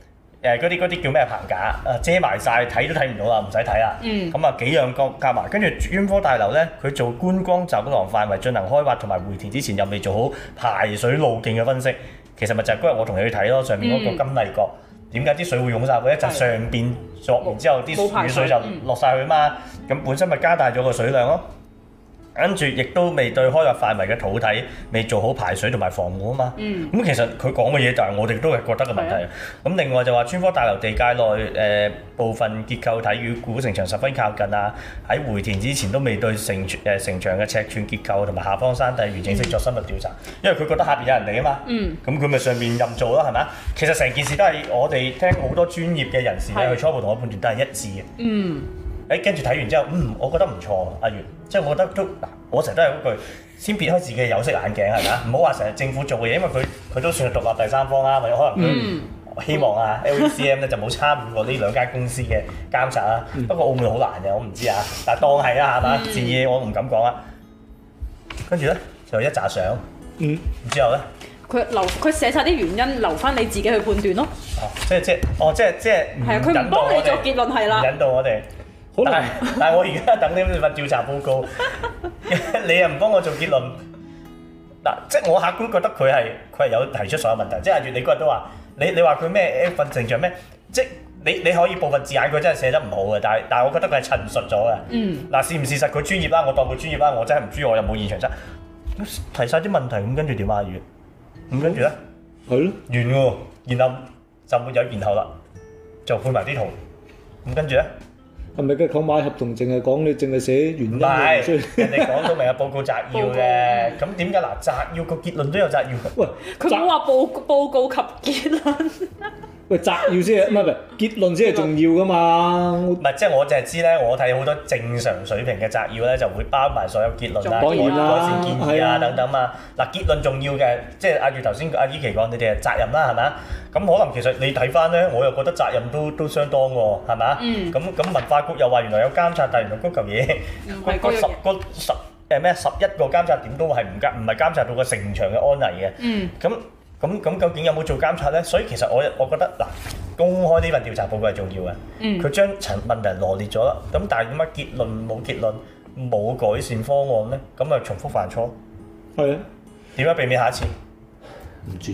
誒嗰啲啲叫咩棚架啊，遮埋晒睇都睇唔到啦，唔使睇啦。咁啊、嗯嗯嗯、幾樣工加埋，跟住專科大樓咧，佢做觀光走廊範圍進行開挖同埋回填之前，又未做好排水路徑嘅分析。其實咪就係嗰日我同你去睇咯，上面嗰個金麗閣，點解啲水會湧晒？佢一集上邊作完之後，啲雨水就落晒去嘛。咁、嗯嗯、本身咪加大咗個水量咯。跟住，亦都未對開挖範圍嘅土體未做好排水同埋防護啊嘛。嗯。咁其實佢講嘅嘢就係我哋都係覺得嘅問題。咁、啊、另外就話，穿科大樓地界內誒、呃、部分結構體與古城牆十分靠近啊。喺回填之前都未對城誒城牆嘅尺寸結構同埋下方山底完整性作深入調查，嗯、因為佢覺得下邊有人嚟啊嘛。嗯。咁佢咪上面任做咯，係咪啊？其實成件事都係我哋聽好多專業嘅人士咧，佢是初步同我判斷都係一致嘅。嗯。誒跟住睇完之後，嗯，我覺得唔錯，阿源，即係我覺得都嗱，我成日都係嗰句，先撇開自己有色眼鏡係咪啊？唔好話成日政府做嘅嘢，因為佢佢都算係獨立第三方啦。或者可能佢、嗯、希望啊 LACM 咧就冇參與過呢兩間公司嘅監察啦。嗯、不過澳門好難嘅，我唔知啊。但當係啦，係嘛？建議我唔敢講啦。跟住咧就一揸相，嗯，之後咧，佢留佢寫晒啲原因，留翻你自己去判斷咯。哦、啊，即係即係，哦，即係即係，係佢唔幫你做結論係啦，引導我哋。但係 但係，我而家等呢份調查報告， 你又唔幫我做結論嗱，即係我客觀覺得佢係佢係有提出所有問題，即係阿月你嗰日都話你你話佢咩份成像咩，即係你你可以部分字眼佢真係寫得唔好嘅，但係但係我覺得佢係陳述咗嘅。嗯，嗱是唔事實佢專業啦？我當佢專業啦，我真係唔知，我又冇現場真提晒啲問題咁，跟住點啊阿月咁跟住咧？佢、mm？咯、hmm. 完喎，然後就沒有然後啦，就換埋啲圖咁跟住咧。係咪佢講買合同淨係講你淨係寫原因？唔需要。 人哋講都未有報告摘要嘅，咁點解嗱摘要個結論都有摘要？佢冇話報報告及結論。 喂，摘要先，唔係唔係結論先係重要噶嘛？唔係，即係我淨係知咧，我睇好多正常水平嘅摘要咧，就會包埋所有結論啊、改改善建議啊、是啊等等啊。嗱，結論重要嘅，即係阿月頭先阿依琪講，你哋係責任啦，係咪？咁可能其實你睇翻咧，我又覺得責任都都相當喎，係咪？嗯。咁咁文化局又話原來有監察，但原來嗰嚿嘢十個十誒咩十一個監察點都係唔監唔係監察到個城牆嘅安危嘅。嗯。咁。咁咁究竟有冇做監察咧？所以其實我我覺得嗱，公開呢份調查報告係重要嘅。嗯。佢將陳問題羅列咗啦，咁但係點解結論冇結論，冇改善方案咧？咁啊，重複犯錯。係啊的。點樣避免下一次？唔知。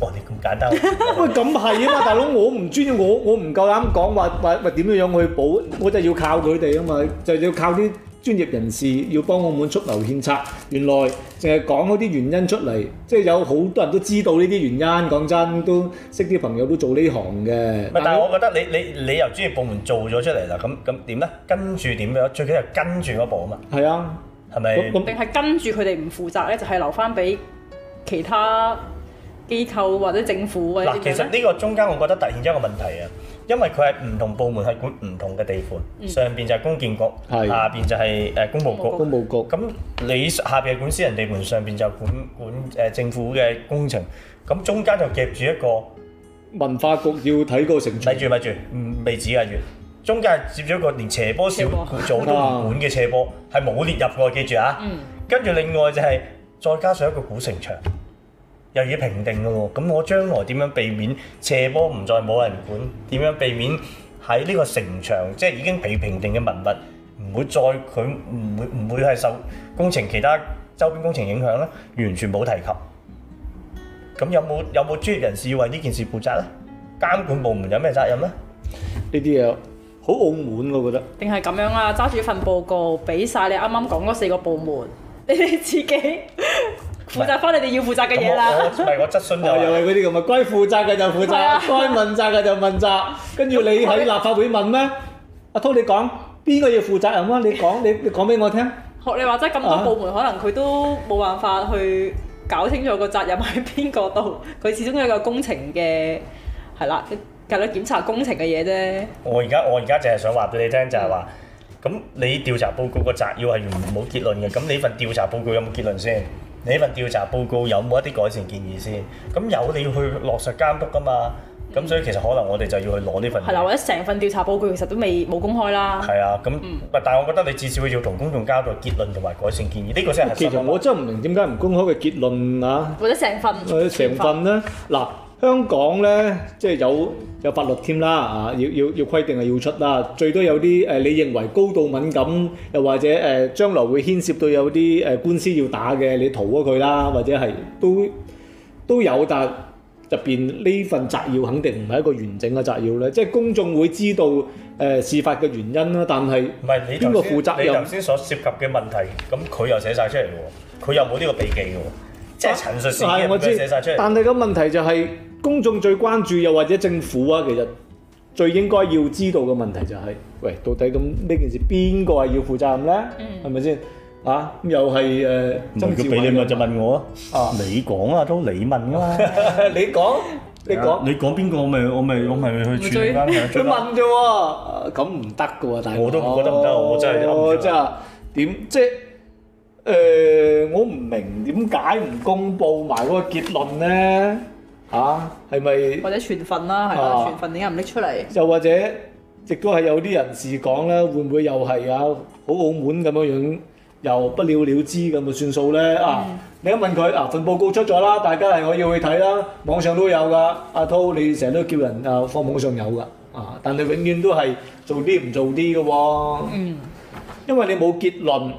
哦，你咁簡單。 喂，咁係啊嘛，大佬，我唔專業，我我唔夠膽講話話話點樣樣去補，我就要靠佢哋啊嘛，就係要靠啲。專業人士要幫澳門出謀獻策，原來淨係講嗰啲原因出嚟，即係有好多人都知道呢啲原因。講真，都識啲朋友都做呢行嘅。但係我覺得你你你由專業部門做咗出嚟啦，咁咁點呢？跟住點樣？最緊要跟住嗰步啊嘛。係啊，係咪？咁定係跟住佢哋唔負責呢？就係、是、留翻俾其他機構或者政府或者啲咩呢？嗱，其實呢個中間，我覺得凸現一個問題啊。因為佢係唔同部門係管唔同嘅地盤，嗯、上邊就係公建局，是下邊就係誒工務局。工務局，咁你下邊係管私人地盤，嗯、上邊就管管誒政府嘅工程，咁中間就夾住一個文化局要睇個城牆。咪住咪住，唔未止啊，住中間係接咗個連斜坡小組波都唔管嘅斜坡，係冇、嗯、列入過，記住啊。跟住、嗯、另外就係、是、再加上一個古城牆。又要評定嘅喎，咁我將來點樣避免斜坡唔再冇人管？點樣避免喺呢個城牆，即係已經被評定嘅文物，唔會再佢唔會唔會係受工程其他周邊工程影響呢？完全冇提及。咁有冇有冇專業人士要為呢件事負責呢？監管部門有咩責任呢？呢啲嘢好澳門，我覺得。定係咁樣啊！揸住份報告，俾晒你啱啱講嗰四個部門，你哋自己。 負責翻你哋要負責嘅嘢啦，唔係我質詢又又係嗰啲咁嘅，該負責嘅就負責，該問責嘅就問責。跟住你喺立法會問咩？阿滔你講邊個要負責任啊？你講你你講俾我聽。學你話齋咁多部門，可能佢都冇辦法去搞清楚個責任喺邊個度。佢始終有一個工程嘅係啦，靠你檢查工程嘅嘢啫。我而家我而家淨係想話俾你聽就係話，咁你調查報告個摘要係完全冇結論嘅。咁你份調查報告有冇結論先？你份調查報告有冇一啲改善建議先？咁有你要去落實監督噶嘛？咁、嗯、所以其實可能我哋就要去攞呢份。係啦，或者成份調查報告其實都未冇公開啦。係啊，咁，嗯、但係我覺得你至少要同公眾交代結論同埋改善建議呢、這個先係。其實我真係唔明點解唔公開嘅結論啊？或者成份？或者成份呢？嗱。香港咧，即係有有法律添啦，啊，要要要規定係要出啦。最多有啲誒、呃，你認為高度敏感，又或者誒、呃、將來會牽涉到有啲誒、呃、官司要打嘅，你塗咗佢啦，或者係都都有，但入邊呢份摘要肯定唔係一個完整嘅摘要咧。即係公眾會知道誒、呃、事發嘅原因啦，但係唔係你邊個負責？你頭先所涉及嘅問題，咁佢又寫晒出嚟喎，佢又冇呢個避忌喎，即係陳述性嘅嘢都寫晒出嚟。但係個問題就係、是。公眾最關注又或者政府啊，其實最應該要知道嘅問題就係，喂，到底咁呢件事邊個係要負責任咧？係咪先啊？又係誒？唔係佢俾你問就問我啊！你講啊，都你問噶嘛？你講，你講，你講邊個？我咪我咪我咪去處理啦！佢問啫喎，咁唔得噶喎！但係我都覺得唔得，我真係諗住。我真係點即係誒？我唔明點解唔公佈埋個結論咧？啊，係咪或者傳份啦、啊，係咪傳份，點解唔拎出嚟？又或者，亦都係有啲人士講咧，會唔會又係有、啊、好澳門咁樣樣，又不了了，了之咁啊？算數咧啊！你一問佢，嗱、啊，份報告出咗啦，大家係可以去睇啦，網上都有噶。阿、啊、濤，你成日都叫人啊放網上有噶，啊，但係永遠都係做啲唔做啲噶喎。嗯，因為你冇結論。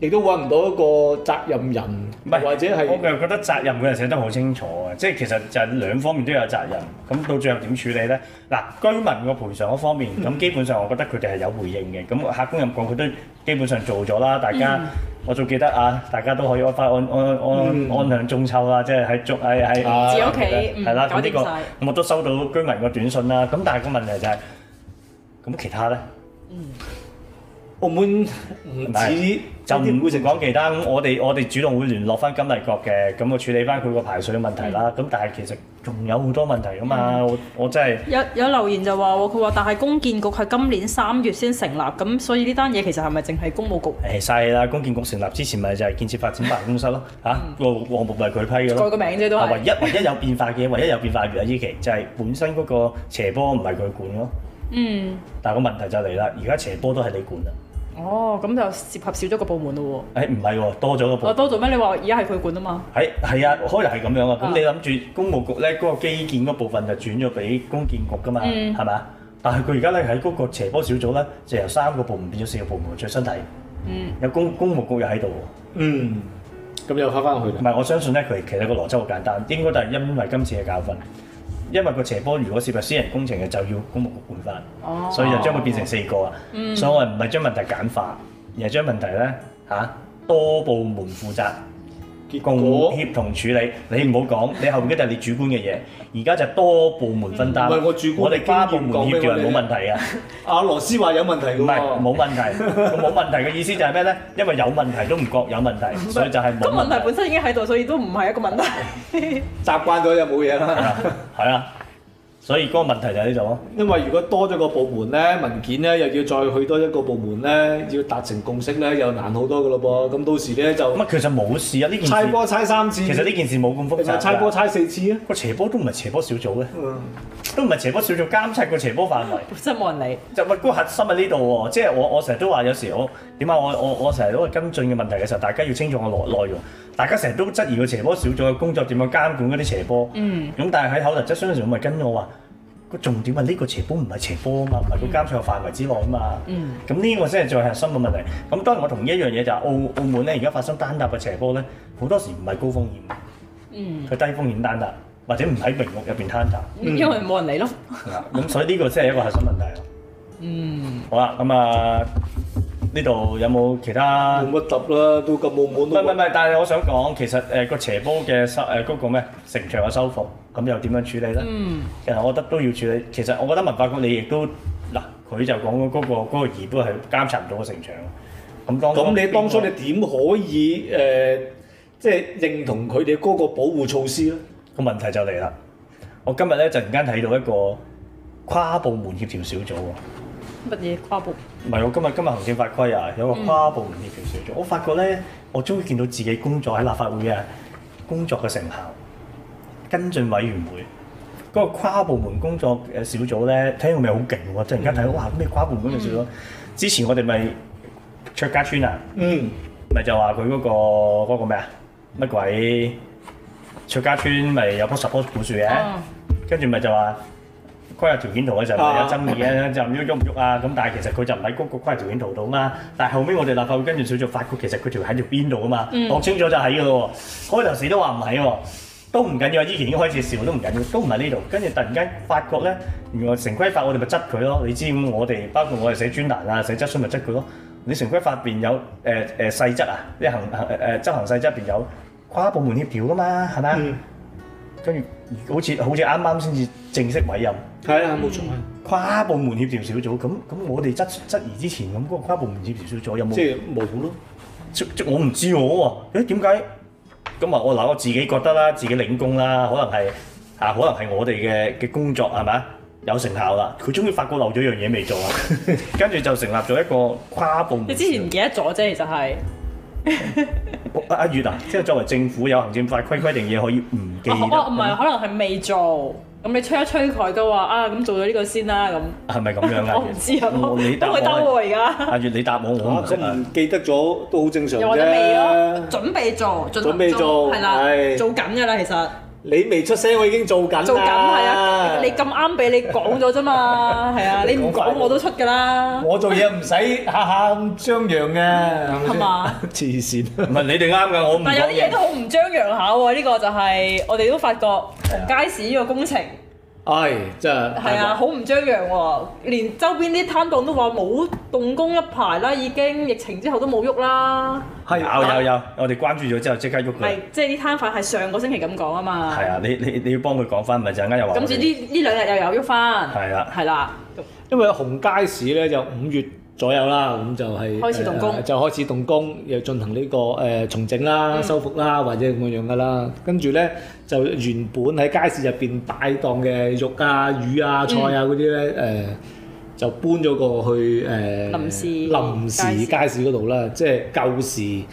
亦都揾唔到一個責任人，唔係或者係我其實覺得責任佢係寫得好清楚嘅，即係其實就兩方面都有責任。咁到最後點處理咧？嗱，居民個賠償嗰方面，咁基本上我覺得佢哋係有回應嘅。咁客觀咁講，佢都基本上做咗啦。大家我仲記得啊，大家都可以安安安安安享中秋啦，即係喺喺喺屋企，係啦，嗰啲個我都收到居民個短信啦。咁但係個問題就係，咁其他咧？澳門唔知。就唔會成講其他，咁、嗯、我哋我哋主動會聯絡翻金麗國嘅，咁我處理翻佢個排水嘅問題啦。咁、嗯、但係其實仲有好多問題噶嘛，嗯、我我真係有有留言就話佢話但係公建局係今年三月先成立，咁所以呢單嘢其實係咪淨係公務局？誒曬、嗯、啦，公建局成立之前咪就係建設發展辦公室咯，嗰個項目咪佢批嘅咯。改個名啫都係。唯一唯 一,一有變化嘅，唯一有變化嘅呢期，就係、是、本身嗰個斜坡唔係佢管咯。嗯，管咯嗯。但係個問題就嚟啦，而家斜坡都係你管啦。哦，咁就涉及少咗個部門咯喎。誒，唔係喎，多咗個部門。多咗咩？你話而家係佢管啊嘛。係係啊，開頭係咁樣啊。咁你諗住工務局咧，嗰個基建嗰部分就轉咗俾公建局噶嘛，係咪？但係佢而家咧喺嗰個斜坡小組咧，就由三個部門變咗四個部門嚟身提嗯、啊。嗯。有公工務局又喺度喎。嗯。咁又返翻去。唔係，我相信咧，佢其實個邏輯好簡單，應該都係因為今次嘅教訓。因為個斜坡如果涉及私人工程嘅，就要公務換法，oh. 所以就將佢變成四個、mm. 所以我哋唔係將問題簡化，而係將問題咧多部門負責。共協同處理，你唔好講，你後邊一定係你主觀嘅嘢。而家就多部門分擔，嗯、我哋跨部門，部門協調係冇問題嘅。阿羅思話有問題㗎，唔係冇問題。佢冇 問題嘅意思就係咩咧？因為有問題都唔覺有問題，所以就係冇問， 問題本身已經喺度，所以都唔係一個問題。 習慣咗就冇嘢啦，係 啊。所以嗰個問題就喺呢度，因為如果多咗個部門咧，文件咧又要再去多一個部門咧，要達成共識咧，又難好多噶咯噃。咁到時咧就，乜其實冇事啊，呢件猜波猜三次，其實呢件事冇咁複雜，其實猜波猜四次啊，個斜坡都唔係斜坡小組嘅。嗯都唔係斜坡小組監察個斜坡範圍，本身冇人理。就係個核心喺呢度喎，即係我我成日都話有時我點解我我我成日都跟進嘅問題嘅時候，大家要清楚我內容喎。大家成日都質疑個斜坡小組嘅工作點樣監管嗰啲斜坡，嗯，咁但係喺口頭質詢嗰時，我咪跟我話個重點係呢個斜坡唔係斜坡啊嘛，唔係個監察嘅範圍之內啊嘛，嗯，咁呢個先係最核心嘅問題。咁當然我同意一樣嘢就係、是、澳澳門咧，而家發生單踏嘅斜坡咧，好多時唔係高風險，嗯，佢低風險單踏。或者唔喺屏幕入邊坍塌，因為冇人嚟咯。咁、嗯、所以呢個真係一個核心問題咯。嗯。 好啦，咁啊，呢度有冇其他？冇乜揼啦，都咁悶悶。唔唔唔，但係我想講，其實誒、呃呃嗰個斜坡嘅收誒嗰個咩城牆嘅修復，咁又點樣處理咧？嗯。其實我覺得都要處理。其實我覺得文化局你亦都嗱，佢、呃、就講嗰、嗰個嗰、嗰個疑標係監察唔到嘅城牆。咁當咁、嗰個、你當初你點可以誒、呃，即係認同佢哋嗰個保護措施咧？個問題就嚟啦！我今日咧，突然間睇到一個跨部門協調小組喎。乜嘢跨部？唔係我今日今日行政法規啊，有個跨部門協調小組。我發覺咧，我終於見到自己工作喺立法會啊，工作嘅成效跟進委員會嗰個跨部門工作嘅小組咧，睇到咪好勁喎！突然間睇到哇，咩跨部門嘅小組？嗯、之前我哋咪卓家村啊，嗯，咪就話佢嗰個嗰個咩啊，乜鬼？卓家村咪有棵十棵古樹嘅，跟住咪就話規劃條件圖嗰陣有爭議啊，就喐喐唔喐啊咁。但係其實佢就唔喺嗰個規劃條件圖度嘛。但係後尾我哋立法會跟住陸續發覺，其實佢條喺住邊度啊嘛。講清楚就喺㗎咯。嗯、開頭死都話唔喺喎，都唔緊要。以前已經開始笑都唔緊要，都唔係呢度。跟住突然間發覺咧，原來城規法我哋咪執佢咯。你知咁，我哋包括我哋寫專欄啊，寫質詢咪執佢咯。你城規法邊有誒誒、呃呃、細則啊？你行行誒執行、啊啊、細則邊有？跨部門協調噶嘛，係咪？跟住好似好似啱啱先至正式委任，係啊，冇錯。跨部門協調小組，咁咁我哋質質疑之前，咁、那、嗰個跨部門協調小組有冇？即係冇咯。即即我唔知喎，誒點解？咁啊，我嗱、欸、我自己覺得啦，自己領工啦，可能係嚇、啊，可能係我哋嘅嘅工作係咪有成效啦，佢終於發覺漏咗樣嘢未做啊，跟住 就成立咗一個跨部門協調。你之前唔記得咗啫，其實係。阿阿、 啊、月嗱、啊，即係作為政府有行政法規規定嘢，可以唔記。哦、 啊，唔係，嗎可能係未做。咁你吹一吹佢都話啊，咁做咗呢個先啦。咁係咪咁樣啊？ 我唔知，我唔會兜啊。我你而家阿月，你答我。我唔、啊、記得咗都好正常又或者未啫。準備做，準備做，係啦的，哎、做緊㗎啦，其實。你未出聲，我已經做緊做緊係啊！你咁啱俾你講咗啫嘛，係啊！你唔講我都出㗎啦。我做嘢唔使下下咁張揚嘅。係嘛？黐線。唔係你哋啱㗎，我唔啱係有啲嘢都好唔張揚下喎，呢個就係我哋都發覺同街市呢個工程、哎。係，即係係啊，好唔吧張揚喎，啊！連周邊啲攤檔都話冇動工一排啦，已經疫情之後都冇喐啦。係有有有，我哋關注咗之後即刻喐佢。係即係啲攤販係上個星期咁講啊嘛。係啊，你你你要幫佢講翻，咪陣間又話。咁住呢呢兩日又有喐翻。係啦，啊。係啦，啊。因為紅街市咧就五月左右啦，咁就係、是呃、就開始動工，又進行呢、這個誒、呃、重整啦、修、嗯、復啦，或者咁樣噶啦。跟住咧，就原本喺街市入邊擺檔嘅肉啊、魚啊、菜啊嗰啲咧，誒、嗯呃、就搬咗過去誒臨時臨時街市嗰度啦，即係舊時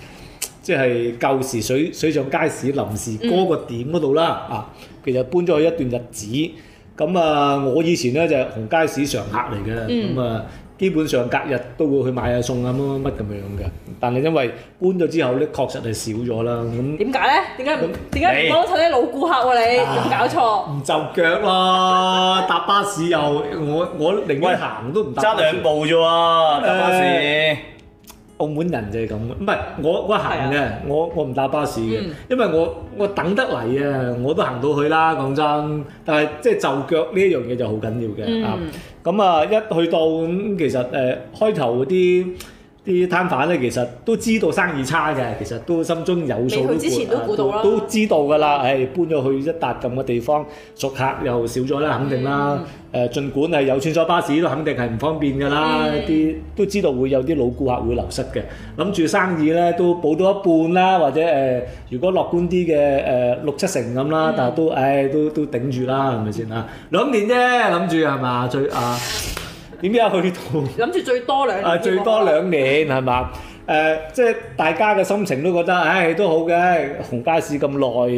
即係舊時水水上街市臨時嗰個點嗰度啦。嗯、啊，其實搬咗去一段日子。咁啊，我以前咧就係、紅街市常客嚟嘅，咁啊、嗯。嗯嗯基本上隔日都會去買下餸啊，乜乜乜咁樣嘅。但係因為搬咗之後咧，確實係少咗啦。咁點解咧？點解唔點解唔幫襯啲老顧客喎？你有冇搞錯？唔就腳喎，搭巴士又我我寧願行都唔搭。走兩步啫喎，搭巴士。澳門人就係咁，唔係我我行嘅，我我唔搭巴士嘅，因為我我等得嚟啊，我都行到去啦。講真，但係即係就腳呢一樣嘢就好緊要嘅啊。咁啊、嗯，一去到咁，其實誒開頭嗰啲啲攤販咧，呃、其實都知道生意差嘅，其實都心中有數都，之前都估，啊、都，都知道㗎啦，誒、嗯、搬咗去一笪咁嘅地方，熟客又少咗啦，肯定啦。嗯誒，儘管係有穿梭巴士，都肯定係唔方便㗎啦。啲、嗯、都知道會有啲老顧客會流失嘅，諗住生意咧都補到一半啦，或者誒、呃，如果樂觀啲嘅誒六七成咁啦，嗯、但係都誒、哎、都都頂住啦，係咪先啊？兩年啫，諗住係嘛？最啊，點解去到諗住 最多兩年？年、啊？最多兩年係嘛？ 誒，即係大家嘅心情都覺得，唉，都好嘅。紅街市咁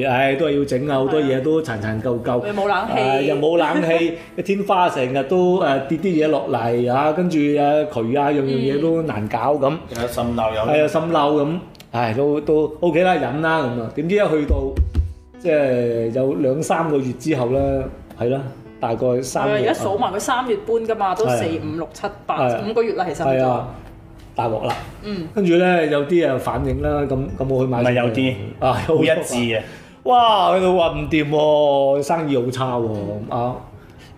耐，唉，都係要整啊，好多嘢都殘殘舊舊。又冇冷氣，又冇冷氣，個天花成日都誒跌啲嘢落嚟啊，跟住啊渠啊，樣樣嘢都難搞咁。有滲漏有。係啊，滲漏咁，唉，都都 O K 啦，忍啦咁啊。點知一去到，即係有兩三個月之後咧，係啦，大概三。係而家數埋佢三月搬㗎嘛，都四五六七八五個月啦，其實。大鑊啦，跟住、嗯、呢有啲人反應啦，咁咁我去買了，唔係有啲啊好一致啊，哇佢哋話唔掂喎，生意好差喎，唔、嗯啊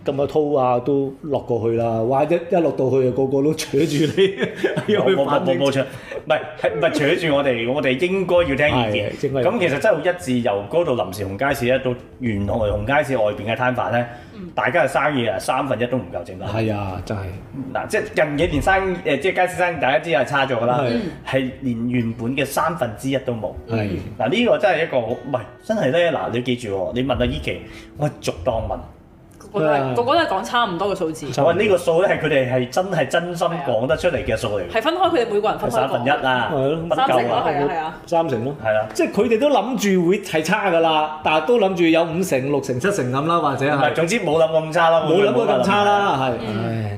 咁日拖啊都落過去啦，哇！一一落到去啊，個個都扯住你。冇冇冇錯，唔係係唔係扯住我哋，我哋應該要聽意見。咁、就是、其實真係一自由嗰度臨時紅街市咧，到原紅紅街市外邊嘅攤販咧，大家嘅生意啊三分一都唔夠正啦。係啊，真係嗱，即係近幾年生誒，即係街市生意，大家知係差咗㗎啦，係連原本嘅三分之一都冇。係嗱，呢個真係一個唔係真係咧嗱，你記住，你問阿依琪，我逐檔問。個個都係講差唔多嘅數字。我話呢個數咧係佢哋係真係真心講得出嚟嘅數嚟。係分開佢哋每個人分開講。三分一啊，唔夠啊，係啊，三成咯，係啊。即係佢哋都諗住會係差㗎啦，但係都諗住有五成、六成、七成咁啦，或者係。唔總之冇諗過咁差啦。冇諗過咁差啦，係。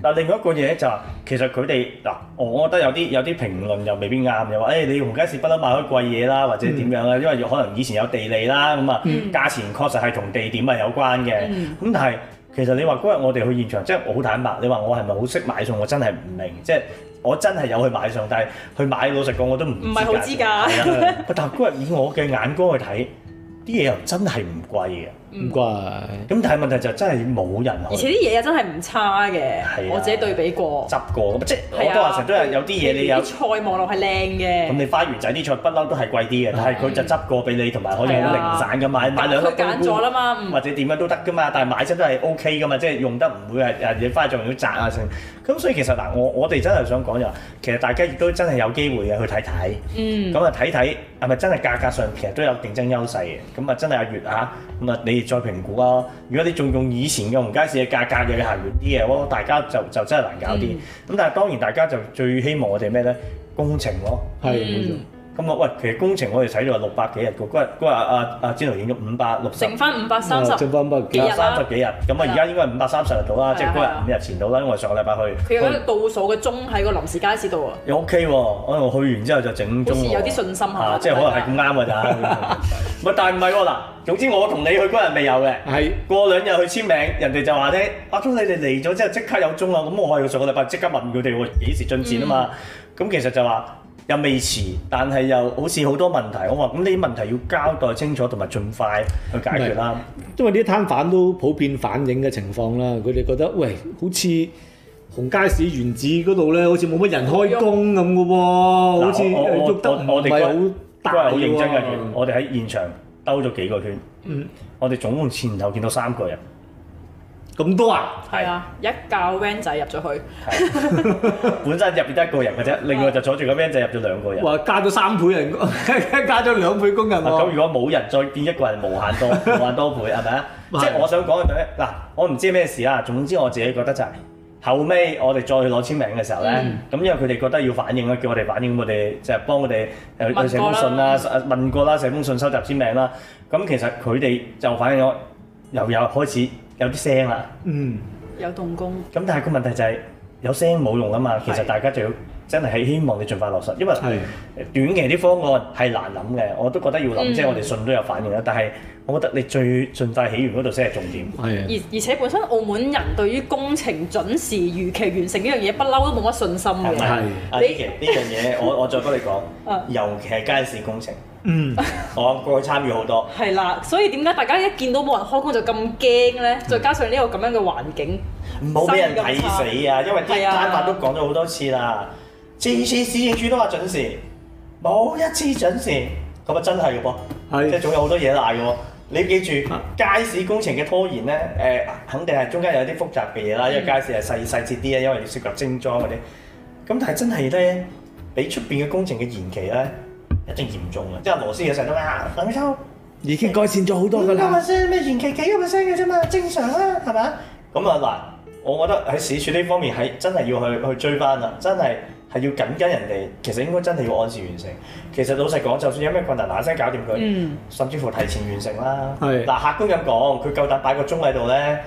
但另外一個嘢就。其實佢哋嗱，我覺得有啲有啲評論又未必啱，又話誒、欸、你紅街市不嬲賣啲貴嘢啦，或者點樣咧？嗯、因為可能以前有地利啦，咁啊價錢確實係同地點係有關嘅。咁、嗯、但係其實你話嗰日我哋去現場，即係我好坦白，你話我係咪好識買餸？我真係唔明，即係我真係有去買餸，但係去買老實講我都唔唔係好知㗎。但係嗰日以我嘅眼光去睇，啲嘢又真係唔貴嘅。唔怪，咁但係問題就真係冇人，而且啲嘢又真係唔差嘅，我自己對比過，執過，即係好多話成日都有啲嘢你有啲菜望落係靚嘅，咁你花園仔啲菜不嬲都係貴啲嘅，但係佢就執過俾你，同埋可以好零散咁買，買兩粒冬菇，或者點樣都得㗎嘛，但係買真都係 O K 㗎嘛，即係用得唔會係你返去仲要摘啊盛，咁所以其實嗱，我我哋真係想講就話，其實大家亦都真係有機會嘅去睇睇，咁啊睇睇係咪真係價格上其實都有競爭優勢嘅，咁啊真係阿月嚇咁啊你。再評估啊！如果你仲用以前嘅紅街市嘅價格嘅你行遠啲嘅，大家就就真係難搞啲。咁、嗯、但係當然大家就最希望我哋咩咧？工程咯，係的。嗯咁啊，喂、嗯，其實工程我哋睇咗六百幾日嘅，嗰日嗰日阿阿阿詹豪影咗五百六十，剩翻五百三十，剩翻五百三十幾日咁啊，而、啊、家、啊啊、應該係五百三十日度啦，的即係嗰日五日前到啦，的因為上個禮拜去。佢有一個倒數嘅鐘喺個臨時街市度啊。又、嗯、OK 喎，我去完之後就整鐘。有啲信心嚇、啊，即係可能係咁啱嘅咋。唔係，但係唔係喎嗱。總之我同你去嗰日未有嘅，係 過兩日去簽名，人哋就話咧阿聰，啊、你哋嚟咗之後即刻有鐘啊，咁我可以上個禮拜即刻問佢哋喎幾時進展啊嘛。咁、嗯、其實就話。又未遲，但係又好似好多問題。我話咁呢啲問題要交代清楚，同埋盡快去解決啦。因為呢啲攤販都普遍反映嘅情況啦，佢哋覺得喂，好似紅街市原址嗰度咧，好似冇乜人開工咁嘅喎，嗯、好似做得唔係好大嘅喎。我哋喺現場兜咗幾個圈，嗯、我哋總共前頭見到三個人。咁多啊？係啊的，的一教 van 仔入咗去，的 本身入邊得一個人嘅啫，另外就坐住個 van 仔、啊、入咗兩個人。哇，加咗三倍人 加加咗兩倍工人喎、啊。咁、啊、如果冇人再變一個人，無限多無限多倍係咪 是的 啊？即係我想講嘅嗱，我唔知咩事啦。總之我自己覺得就係、是、後尾我哋再去攞簽名嘅時候咧，咁、嗯、因為佢哋覺得要反映啦，叫我哋反映，我哋就幫佢哋誒寫封信、啊、啦，問過啦寫封信收集簽名啦。咁其實佢哋就反映咗，又有開始。有啲聲啦、啊，嗯，有動工。咁但係個問題就係、是、有聲冇用啊嘛，是其實大家就要真係希望你盡快落實，因為短期啲方案係難諗嘅，我都覺得要諗，即係我哋信都有反應啦。嗯、但係我覺得你最盡快起完嗰度先係重點。係、嗯。而而且本身澳門人對於工程準時如期完成呢樣嘢，不嬲都冇乜信心嘅。係咪？呢呢樣嘢我我再幫你講，尤其係街市工程。嗯，我、mm. 哦、過去參與好多。係啦，所以點解大家一見到冇人開工就咁驚咧？嗯、再加上呢個咁樣嘅環境，唔好俾人睇死啊！因為啲街坊都講咗好多次啦，次次市政署都話準時，冇一次準時，咁啊真係嘅噃，的即係仲有好多嘢賴嘅喎。你記住，街市工程嘅拖延咧，誒，肯定係中間有啲複雜嘅嘢啦，的因為街市係細細節啲咧，因為要涉及精裝嗰啲。咁但係真係咧，俾出面嘅工程嘅延期咧。一啲嚴重啊！即係螺絲嘅成日都哇等抽，已經改善咗好多㗎啦。幾個 percent 咩延期幾個 percent 嘅啫嘛，正常啦，啊，係咪啊？咁啊嗱，我覺得喺市處呢方面喺真係要去去追翻啦，真係係要緊跟人哋。其實應該真係要按時完成。其實老實講，就算有咩困難，嗱聲搞掂佢，甚至乎提前完成啦。係嗱是，客觀咁講，佢夠膽擺個鐘喺度咧。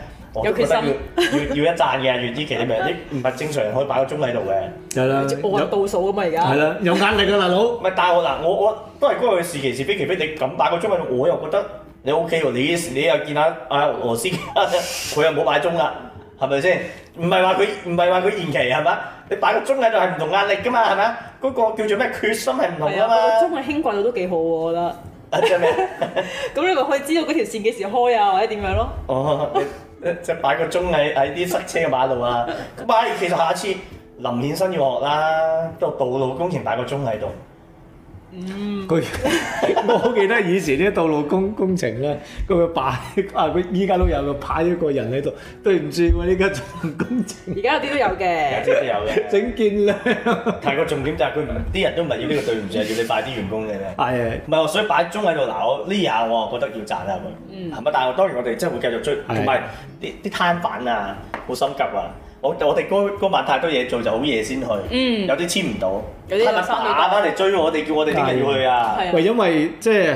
尤、哦、其是心 要要一賺嘅，之期啲咪 你唔係正常可以擺個鐘喺度嘅。係啦，我話倒數啊嘛，而家係啦， 有壓力啊，大佬。咪但係我嗱，我我都係嗰句時其時非其非，你咁擺個鐘喺度，我又覺得你 OK 喎。你你又見下俄羅斯，佢、哎、 又冇擺鐘啊，係咪先？唔係話佢唔係話佢延期係咪？你擺個鐘喺度係唔同壓力噶嘛，係咪？嗰、嗰個叫做咩決心係唔同啊嘛。啊嗰個鐘係輕軌度都幾好喎，我覺得。啊真係，咁你咪可以知道嗰條線幾時開啊，或者點樣咯？哦。 即係擺個鐘喺喺啲塞車嘅馬路啊！咁啊，其實下次林顯生要學啦，個道路工程擺個鐘喺度。佢、嗯，我好記得以前啲道路工工程咧，佢會擺啊，佢依家都有個派一個人喺度，對唔住喎，依家工程。而家啲都有嘅，有啲都有嘅。 整建件咧了，係 個重點，就係佢唔，啲人都唔係要呢個對唔住，係 要你擺啲員工嘅。係啊的，唔係話所以擺鐘喺度嗱，我呢下我覺得要賺啊，嗯，係咪？但係當然我哋真係會繼續追，同埋啲啲攤販啊，好心急啊。我我哋嗰晚太多嘢做，就好夜先去，嗯、有啲簽唔到，係咪？打翻嚟追我哋，嗯、叫我哋啲人要去啊，係因為即係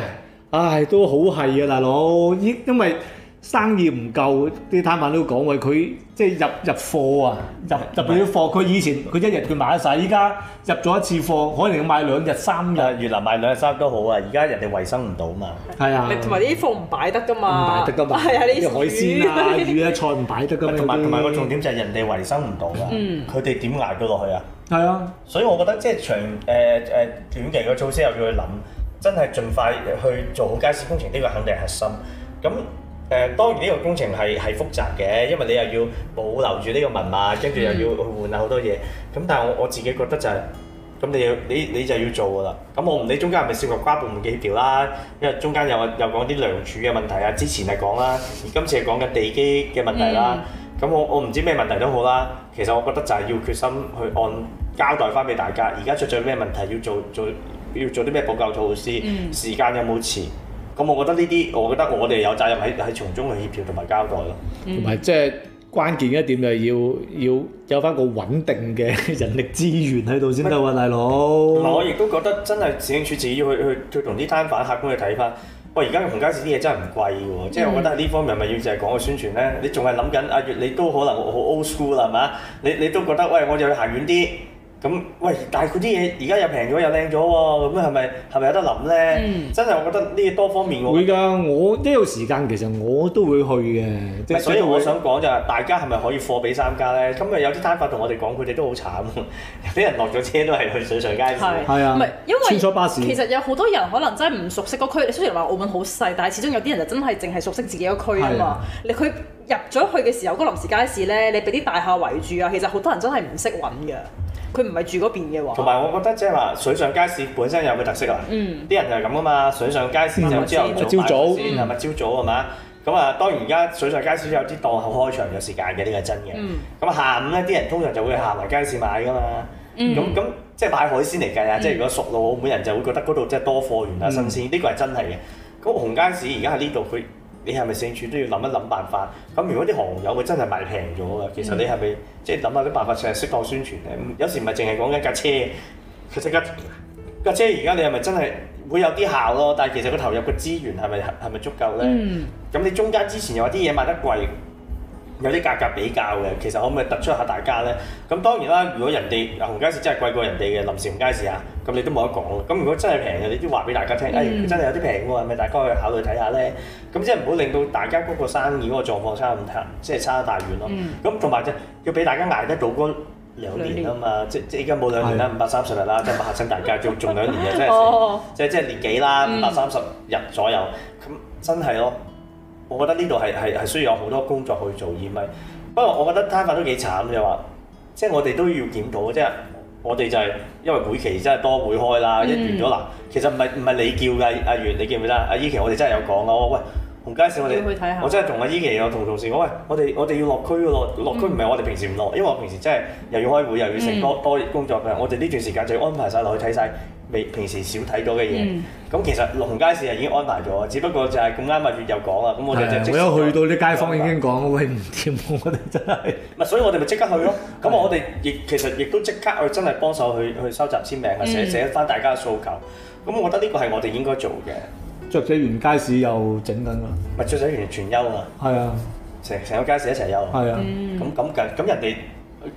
唉，都好係啊。大佬、啊啊，因為。生意唔夠，啲攤販都講話佢即係入入貨啊，入入嗰啲貨。佢以前佢一日佢賣得曬，依家入咗一次貨，可能要賣兩日三日，越南賣兩日三日都好啊。而家人哋維生唔到嘛，係啊，同埋啲貨唔擺得㗎嘛，唔擺得㗎嘛，係啊，啲海鮮啊魚啊菜唔擺得㗎嘛，同埋同埋個重點就係人哋維生唔到啊，佢哋點捱到落去啊？係啊，所以我覺得即係長誒誒、呃呃呃、短期嘅措施又要去諗，真係盡快去做好街市工程，呢、呢個肯定係核心咁。誒、呃、當然呢個工程係係複雜嘅，因為你又要保留住呢個文脈，跟住又要去換下好多嘢。咁但係我我自己覺得就係、是，咁你你你就要做㗎啦。咁我唔理中間係咪涉及跨部門嘅協調啦，因為中間有有講啲梁柱嘅問題啊，之前係講啦，而今次係講緊地基嘅問題啦。咁、嗯、我我唔知咩問題都好啦。其實我覺得就係要決心去按交代翻俾大家，而家出咗咩問題，要做做,做要做啲咩補救措施，嗯、時間有冇遲？咁我覺得呢啲，我覺得我哋有責任喺喺從中去協調同埋交代咯，同埋即係關鍵一點就係要要有翻個穩定嘅人力資源喺度先得大佬。我亦都覺得真係政府自己要去去同啲攤販客觀去睇翻，喂，而家嘅紅街市啲嘢真係唔貴喎，即係、嗯、我覺得呢方面係咪要就係講個宣傳咧。你仲係諗緊啊？月你都可能好 old school 啦，係嘛？你你都覺得喂，我哋要行遠啲。咁喂，但係佢啲嘢而家又平咗，又靚咗喎，咁啊係咪係咪有得諗咧？嗯、真係我覺得呢嘢多方面喎、啊。會㗎，我一有、這個、時間其實我都會去嘅。不即所以我想講就係大家係咪可以貨比三家咧？今日有啲攤販同我哋講，佢哋都好慘，有 啲人落咗車都係去水上街市。係啊，唔係、啊、因為巴士其實有好多人可能真係唔熟悉個區。你雖然話澳門好細，但係始終有啲人就真係淨係熟悉自己個區啊嘛。你佢入咗去嘅時候，嗰臨時街市咧，你俾啲大廈圍住啊，其實好多人真係唔識揾㗎。佢唔係住嗰邊嘅喎，同埋我覺得即係話水上街市本身有個特色啊。嗯，啲人就係咁噶嘛，水上街市就朝早，朝早係咪朝早係嘛？咁啊，當然而家水上街市有啲檔口開場有時間嘅，呢個真嘅。嗯，咁下午咧，啲人通常就會行埋街市買噶嘛。嗯，咁咁即係擺海鮮嚟計啊。即係如果熟路澳門人就會覺得嗰度即係多貨源啊，新鮮呢個係真係嘅。嗰個紅街市而家喺呢度佢。你係咪四處都要諗一諗辦法？咁如果啲行友佢真係賣平咗啊，其實你係咪即係諗下啲辦法上適當宣傳咧？有時唔係淨係講緊架車，其實架架車而家你係咪真係會有啲效咯？但係其實個投入個資源係咪係咪足夠咧？咁、嗯、你中間之前有啲嘢賣得貴。有啲價格,格比較嘅，其實可唔可以突出下大家咧。咁當然啦，如果人哋紅街市真係貴過人哋嘅臨時紅街市啊，咁你都冇得講。咁如果真係平嘅，你都話俾大家聽，誒、嗯，哎、真係有啲平喎，係咪大家可以考慮睇下咧？咁即係唔好令到大家嗰個生意嗰個狀況差唔太，即係差得大遠咯。咁同埋就是、要俾大家捱得到嗰兩年啊嘛，年即即依家冇兩年啦，五百三十日啦， 即係嚇親大家，仲仲兩年又即係成，即即係年幾啦，五百三十日左右，咁真係咯。我覺得呢度係係係需要有好多工作去做，而咪不，不過我覺得攤販都幾慘嘅話，即係我哋都要檢討即係我哋就係、是、因為每期真係多會開啦，嗯、一完咗嗱，其實唔係唔係你叫嘅，阿源你記唔記得？阿依期我哋真係有講啦，喂。紅街市我哋，睇下，我真係同阿依琪有同同事講，喂，我哋我哋要落區咯，落區唔係我哋平時唔落，因為我平時真係又要開會又要成多多工作嘅，嗯、我哋呢段時間就要安排晒落去睇晒，完完未平時少睇咗嘅嘢。咁、嗯、其實紅街市啊已經安排咗，只不過就係咁啱啊月又講啊，咁我哋就即刻對去到啲街坊已經講，喂，唔掂，我哋真係。唔 所以我哋咪即刻去咯。咁我哋亦其實亦都即刻去，真係幫手去去收集簽名啊，寫寫翻大家嘅訴求。咁、嗯、我覺得呢個係我哋應該做嘅。雀仔園街市又整緊㗎，咪雀仔園全休啊！係啊，成成個街市一齊休，係啊，咁咁計，咁人哋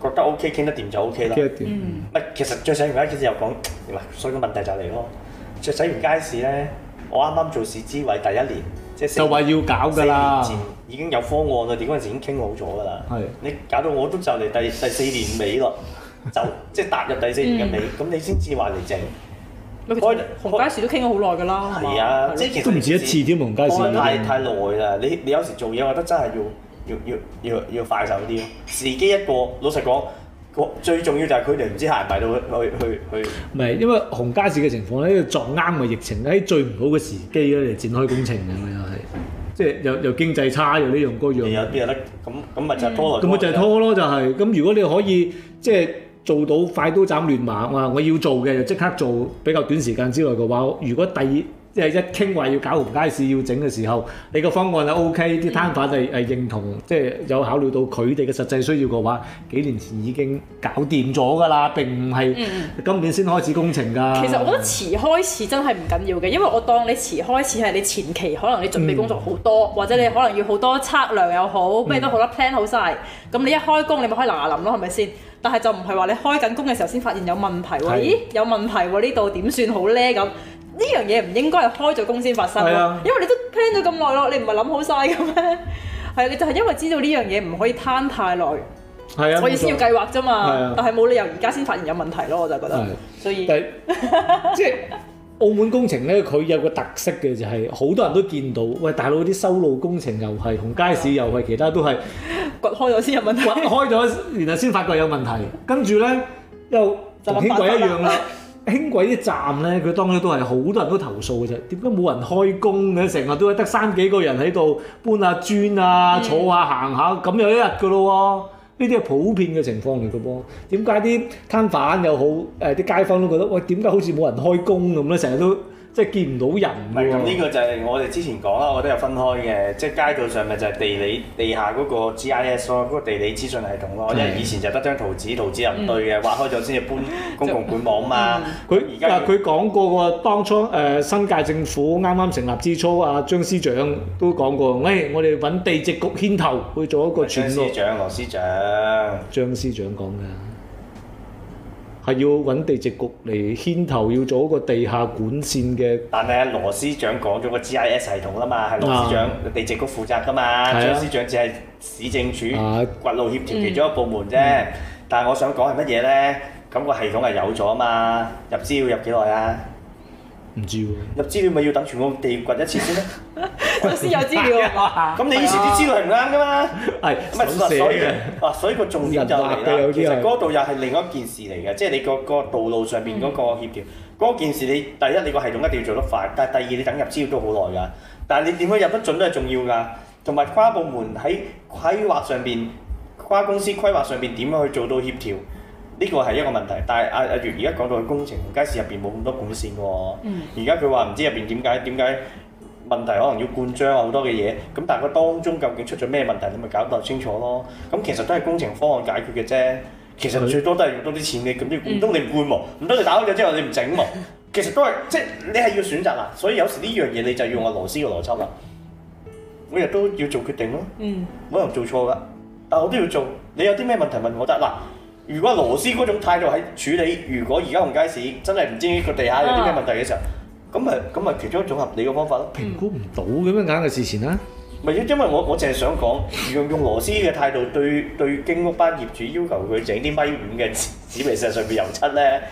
覺得 OK，傾得掂就 OK 啦。傾得掂，咪其實雀仔園街市又講，咪所以個問題就嚟咯。雀仔園街市咧，我啱啱做市之位第一年，即係就話要搞㗎啦。前已經有方案啦，哋嗰陣時已經傾好咗㗎啦。係，你搞到我都就嚟第第四年尾咯，就即係踏入第四年嘅尾，咁你先至話嚟整。我哋紅街市都傾咗好耐噶啦，係啊，的即都唔止一次添。紅街市太太耐啦，你你有時做嘢，我覺得真係要要要要要快手啲咯。時機一過，老實講，最重要就係佢哋唔知係唔係去去去唔係，因為紅街市嘅情況咧，撞啱個疫情咧，喺最唔好嘅時機咧嚟展開工程嘅，又係即係又又經濟差又呢樣嗰樣。有有得咁咁咪就拖落？咁咪就拖咯，就係，就係咁。如果你可以即係。做到快刀斬亂麻，我我要做嘅就即刻做，比較短時間之內嘅話，如果第二。即係一傾話要搞紅街市要整嘅時候，你個方案係 OK，啲攤販就係認同，嗯、即係有考慮到佢哋嘅實際需要嘅話，幾年前已經搞掂咗㗎啦，並唔係今年先開始工程㗎、嗯。其實我覺得遲開始真係唔緊要嘅，因為我當你遲開始係你前期可能你準備工作好多，嗯、或者你可能要好多測量又好，咩都好啦 plan 好晒。咁、嗯、你一開工你咪開嗱臨咯，係咪先？但係就唔係話你開緊工嘅時候先發現有問題喎，咦有問題喎，呢度點算好咧咁？呢樣嘢唔應該係開咗工先發生，因為你都 plan 咗咁耐咯，你唔係諗好晒嘅咩？係啊，你就係因為知道呢樣嘢唔可以攤太耐，所以先要計劃啫嘛。但係冇理由而家先發現有問題咯，我就覺得。所以，即係澳門工程咧，佢有個特色嘅就係好多人都見到，喂大佬啲修路工程又係，紅街市又係，其他都係掘開咗先有問題，掘開咗然後先發覺有問題，跟住咧又同啲鬼一樣啦。輕軌啲站呢，佢當然都係好多人都投訴嘅啫。點解冇人開工嘅？成日都得三幾個人喺度搬下磚啊、嗯、坐下行下，咁有一日嘅咯喎。呢啲係普遍嘅情況嚟嘅噃。點解啲攤販又好啲、哎、街坊都覺得喂，點解好似冇人開工咁咧？成日都。即係見唔到人喎，啊。咁呢個就係我哋之前講啦，我覺得又分開嘅，即係街道上面就係地理地下嗰個 GIS 咯，嗰個地理資訊系統咯。即係、mm hmm. 以前就得張圖紙，圖紙入唔對嘅，挖、mm hmm. 開咗先至搬公共管網嘛。佢而家佢講過個當初誒、呃、新界政府啱啱成立之初，啊，張司長都講過，喂、哎，我哋揾地籍局牽頭去做一個轉。司長，司長，羅司長，張司長講嘅。係要揾地籍局嚟牽頭，要做一個地下管線嘅。但係啊，羅司長講咗個 GIS 系統啦嘛，係羅司長地籍局負責噶嘛，張、啊、司長只係市政署掘路協調其中一個部門啫。嗯、但係我想講係乜嘢呢？咁、這個系統係有咗啊嘛，入資要入幾耐啊？唔知喎、啊，入資料咪要等全部地掘一次先咧，咁先 有資料咁 你以前啲資料係唔啱噶嘛？係，咁係所以， 啊，所以個重點就係啦，其實嗰度又係另一件事嚟嘅，即、就、係、係、你個個道路上面嗰個協調，嗰、嗯、件事你第一你個系統一定要做得快，但係第二你等入資料都好耐㗎。但係你點樣入得準都係重要㗎，同埋跨部門喺規劃上邊，跨公司規劃上邊點樣去做到協調？呢個係一個問題，但係阿阿月而家講到佢工程街市入邊冇咁多管線喎、哦，而家佢話唔知入邊點解點解問題可能要灌漿啊好多嘅嘢，咁但係佢當中究竟出咗咩問題，你咪搞到清楚咯。咁其實都係工程方案解決嘅啫，其實最多都係用多啲錢嘅，咁啲管唔通你唔、嗯、灌喎，唔通你打開咗之後你唔整喎，其實都係即係你係要選擇啦。所以有時呢樣嘢你就要用個螺絲嘅邏輯啦，每日都要做決定咯，冇人做錯㗎，但我都要做。你有啲咩問題問我得嗱？如果羅斯嗰種態度喺處理，如果而家紅街市真係唔知個地下有啲咩問題嘅時候，咁咪咁咪其中一種合理嘅方法咯。評估唔到咁樣硬係事前啦。咪因為我我淨係想講用用羅斯嘅態度對對經屋班業主要求佢整啲米五嘅紙皮石上面油漆咧，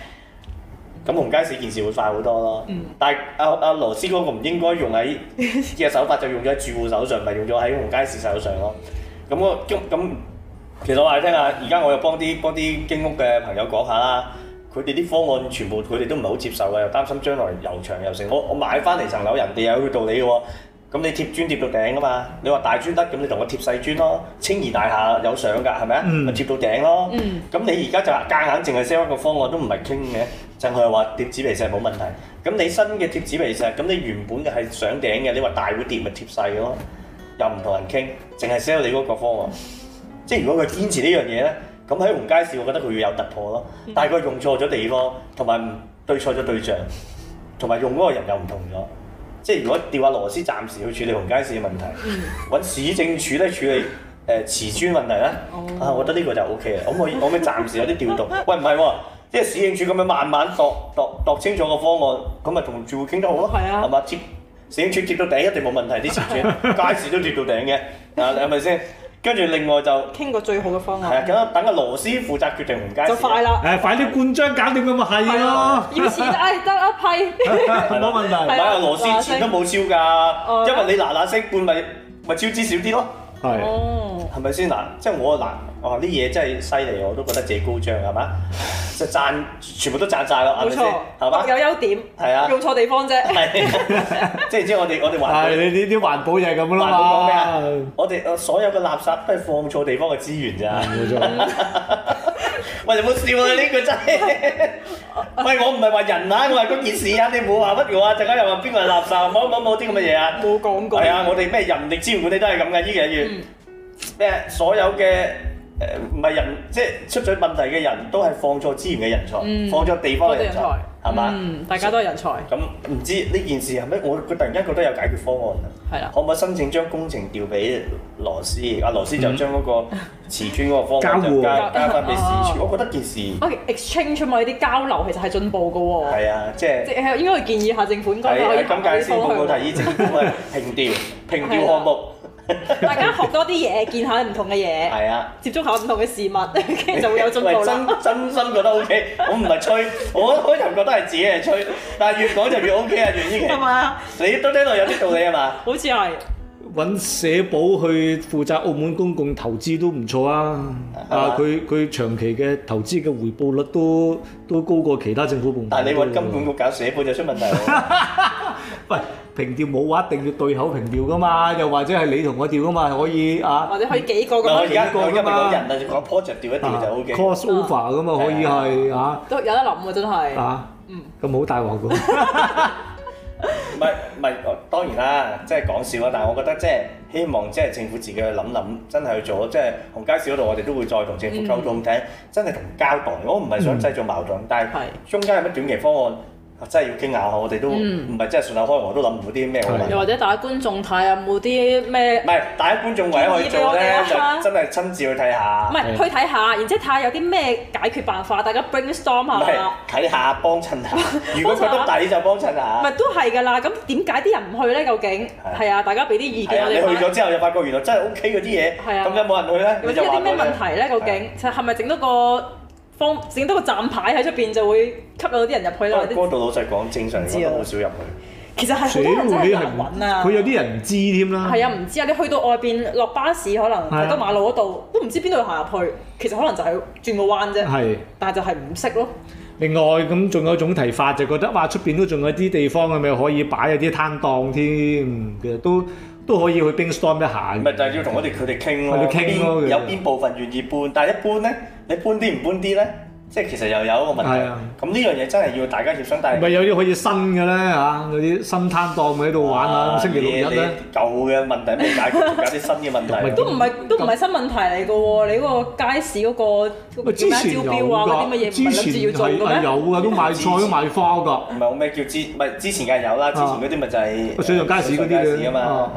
咁紅街市件事會快好多咯。嗯、但係阿阿羅斯嗰個唔應該用喺嘅手法就用咗喺住戶手上，咪用咗喺紅街市手上咯。咁咁。其實我話你聽下，而家我又幫啲幫啲經屋嘅朋友講下啦，佢哋啲方案全部佢哋都唔係好接受嘅，又擔心將來又長又剩。我我買翻嚟層樓，人哋有佢道理嘅喎。咁你貼磚貼到頂啊嘛，你話大磚得，咁你同我貼細磚咯。青怡大廈有上㗎，係咪啊？咪、嗯、貼到頂咯。咁、嗯、你而家就隔硬淨係 sell 一個方案都唔係傾嘅，淨係話貼紙皮石冇問題。咁你新嘅貼紙皮石，咁你原本嘅係上頂嘅，你話大會跌咪貼細咯，又唔同人傾，淨係 sell 你嗰個方案。即係如果佢堅持呢樣嘢咧，咁喺紅街市，我覺得佢要有突破咯。但係佢用錯咗地方，同埋對錯咗對象，同埋用嗰個人又唔同咗。即係如果調下螺絲，暫時去處理紅街市嘅問題，揾市政署咧處，處理誒瓷磚問題咧，oh. 啊，我覺得呢個就 O K 啦。可唔可以？可唔可以暫時有啲調度？喂，唔係喎，即係市政署咁樣慢慢度度度清楚個方案，咁咪同住會傾得好咯。係 啊，係嘛？接市政署接到頂一定冇問題。啲瓷磚街市都接到頂嘅，啊，係咪先？ 跟住另外就傾個最好嘅方案，係等個螺絲負責決定紅街市，就快啦，嗯、快啲灌漿搞掂咁。啊係的的要錢誒得一批，冇 問題，買個螺絲錢都冇超㗎，呃、因為你嗱嗱聲灌咪咪超支少啲咯。係，係咪先嗱？即係、嗯就是、我嗱，哇、啊！啲嘢真係犀利，我都覺得自己高將漲係嘛？就賺全部都賺晒咯，係咪先？係嘛吧？有優點，係啊，用錯地方啫。啊、 即係即係我哋我哋環保，哎、你呢啲環保就係咁咯嘛。環保講咩啊？我哋所有嘅垃圾都係放錯地方嘅資源咋。錯 喂，你唔好笑啊！呢個真係，喂，我唔係話人啊，我話嗰件事啊！你冇話不如我啊？陣間又話邊個係垃圾，冇冇冇啲咁嘅嘢啊？冇講過。係啊，我哋咩人力資源呢都係咁嘅，呢幾月咩所有嘅誒唔係人，即係出咗問題嘅人都係放錯資源嘅人才，放錯地方嘅人才。係嘛？嗯，大家都係人才。咁唔知呢件事係咪？我佢突然間覺得有解決方案啦。係啦。可唔可以申請將工程調俾羅斯？阿羅斯就將嗰個瓷磚嗰個方案交交翻俾市我覺得件事。exchange 嘛，呢啲交流其實係進步噶喎。係啊，即係。即係應該建議下政府應該。係咁解先，我提議政府去評調評調項目。 大家學多啲嘢，見下唔同嘅嘢，係啊，接觸下唔同嘅事物， 就會有進步 真真心覺得 OK，我唔係吹，我我就唔覺得係自己係吹，但係越講就越 OK 啊，袁醫師。係嘛吧？你都聽到有啲道理係嘛？ 好似係揾社保去負責澳門公共投資都唔錯啊！啊吧，佢佢長期嘅投資嘅回報率都都高過其他政府部門。但係你揾金管局搞社保就出問題。 喂！平調冇話一定要對口平調噶嘛，又或者係你同我調噶嘛，可以啊？或者可以幾個咁？而家而家一個人啊，就講 project 調一調就好嘅。Co sofa 噶嘛，可以係啊？都有得諗啊，真係啊，嗯，咁冇大鑊噶，唔係唔係，當然啦，即係講笑啦，但係我覺得即係希望即係政府自己去諗諗，真係去做，即係紅街市嗰度，我哋都會再同政府溝通睇，真係同交代。我唔係想製造矛盾，但係係中間有乜短期方案？真係要驚訝下，我哋都唔係真係順口開，我都諗唔到啲咩。又或者大家觀眾睇下冇啲咩？唔係大家觀眾，為咗去做咧，真係親自去睇下。唔係去睇下，然之後睇下有啲咩解決辦法，大家 brainstorm 下。唔係睇下幫襯下，如果覺得抵就幫襯下。唔係都係㗎啦，咁點解啲人唔去咧？究竟係啊？大家俾啲意見。你去咗之後又發覺原來真係 OK 嗰啲嘢，咁有冇人去咧？有啲咩問題咧？究竟係咪整多個？放整多個站牌喺出邊就會吸引到啲人入去啦。嗰度老實講，正常人好少入去。啊、其實係好多人難搵啊，佢有啲人唔知添啦。係啊，唔知啊，你去到外邊落巴士，可能喺個、就係、馬路嗰度都唔知邊度行入去。其實可能就係轉個彎啫，係，但係就係唔識咯。另外咁仲有一種提法就覺得哇，出邊都仲有啲地方係咪可以擺有啲攤檔添？其實都。都可以去冰商一下，啊。唔係、啊，就係要同我哋佢哋傾喎。有邊部分願意搬？但係一般咧，你搬啲唔搬啲咧？即係其實又有個問題，咁呢樣嘢真係要大家協商。但係咪有啲可以新嘅咧嚇？嗰啲新攤檔咪喺度玩啊！星期六日咧，舊嘅問題未解決，有啲新嘅問題都唔係都唔係新問題嚟嘅喎。你嗰個街市嗰個嗰啲招標啊，嗰啲乜嘢唔係諗住要有啊。都賣菜都賣花㗎，唔係我咩叫之唔係之前梗係有啦。之前嗰啲咪就係水上街市嗰啲嘅事啊嘛。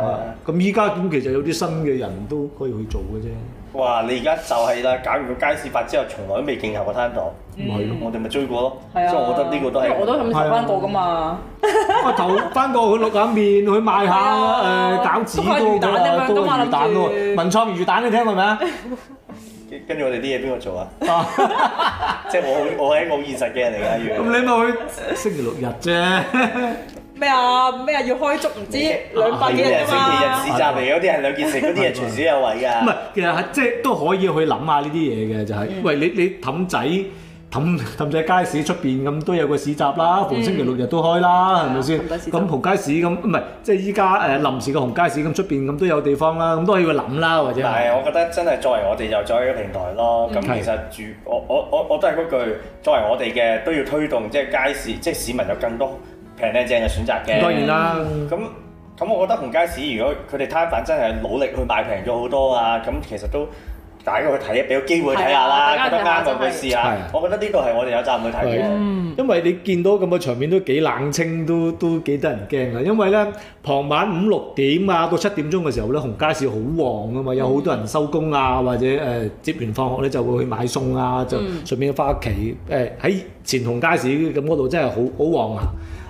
咁依家咁其實有啲新嘅人都可以去做嘅啫。哇！你而家就係啦，搞完個街市法之後，從來都未競投過攤檔。唔係咯，我哋咪追過咯。係啊，即係我覺得呢個都係。我都咁投翻個㗎嘛。我投翻個去淥下麵，去賣下誒餃子都得啊，冬菇魚蛋咯，文創魚蛋你聽過未？啊？跟住我哋啲嘢邊個做啊？即係我我係一個好現實嘅人嚟㗎，楊。咁你咪去星期六日啫。咩啊？咩啊，要開足唔知兩百幾人，星期日市集嚟嗰啲係兩件食，嗰啲係全少有位噶。唔係，其實係即係都可以去諗下呢啲嘢嘅，就係。餵，你你氹仔氹氹仔街市出邊咁都有個市集啦，逢星期六日都開啦，係咪先？咁紅街市咁唔係，即係依家誒臨時個紅街市咁出邊咁都有地方啦，咁都可以去諗啦或者。但係我覺得真係作為我哋就作為一個平台咯，咁其實住我我我我都係嗰句，作為我哋嘅都要推動即係街市，即係市民有更多平靚正嘅選擇嘅，當然啦。咁咁、嗯，我覺得紅街市如果佢哋攤販真係努力去賣平咗好多啊，咁、嗯、其實都看看、啊、大家去睇，俾個機會睇下啦，覺得啱就去試下。我覺得呢個係我哋有責任去睇嘅。因為你見到咁嘅場面都幾冷清，都都幾得人驚啊。因為咧，傍晚五六點啊，到七點鐘嘅時候咧，紅街市好旺啊嘛，有好多人收工啊，或者誒、呃、接完放學咧就會去買餸啊，就順便去翻屋企。誒喺、嗯呃、前紅街市咁嗰度真係好好旺啊！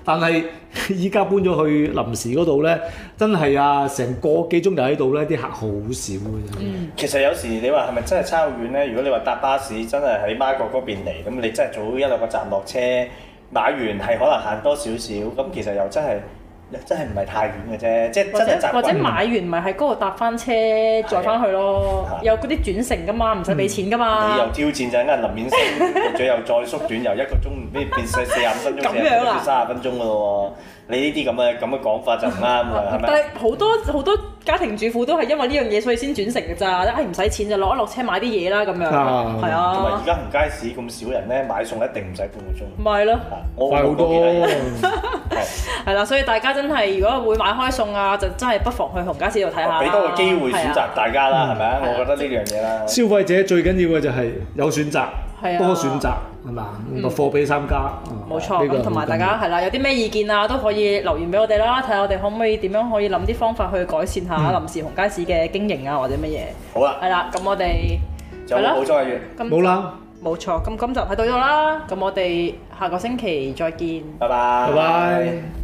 但係依家搬咗去臨時嗰度咧，真係啊，成個幾鐘就喺度咧，啲客好少嘅。嗯， 其實有時你話係咪真係差好遠咧？如果你話搭巴士真係喺媽閣嗰邊嚟，咁你真係早一兩個站落車買完係可能行多少少，咁其實又真係。真係唔係太遠嘅啫，即係或者或者買完咪喺嗰度搭翻車再翻去咯，的有嗰啲轉乘噶嘛，唔使俾錢噶嘛、嗯。你又挑戰就啱林遠生，最後 再縮短由一個鐘咩變四四十五分鐘，又變三十分鐘嘅咯喎。你呢啲咁嘅咁嘅講法就唔啱啦。係咪？但係好多好多。家庭主婦都係因為呢樣嘢所以先轉成嘅。咋，唉唔使錢就落一落車買啲嘢啦咁樣，係啊。同埋而家紅街市咁少人呢，買餸一定唔使半個鐘。咪咯，快好多。係啦，所以大家真係如果會買開餸啊，就真係不妨去紅街市度睇下，俾多個機會選擇大家啦，係咪啊？我覺得呢樣嘢啦，消費者最緊要嘅就係有選擇，係啊，多選擇。嗱，個貨比三家，冇錯咁，同埋大家係啦，有啲咩意見啊都可以留言俾我哋啦，睇下我哋可唔可以點樣可以諗啲方法去改善下臨時紅街市嘅經營啊，或者乜嘢。好啦，係啦，咁我哋就係啦，冇啦，冇錯，咁今集睇到呢度啦，咁我哋下個星期再見，拜拜，拜拜。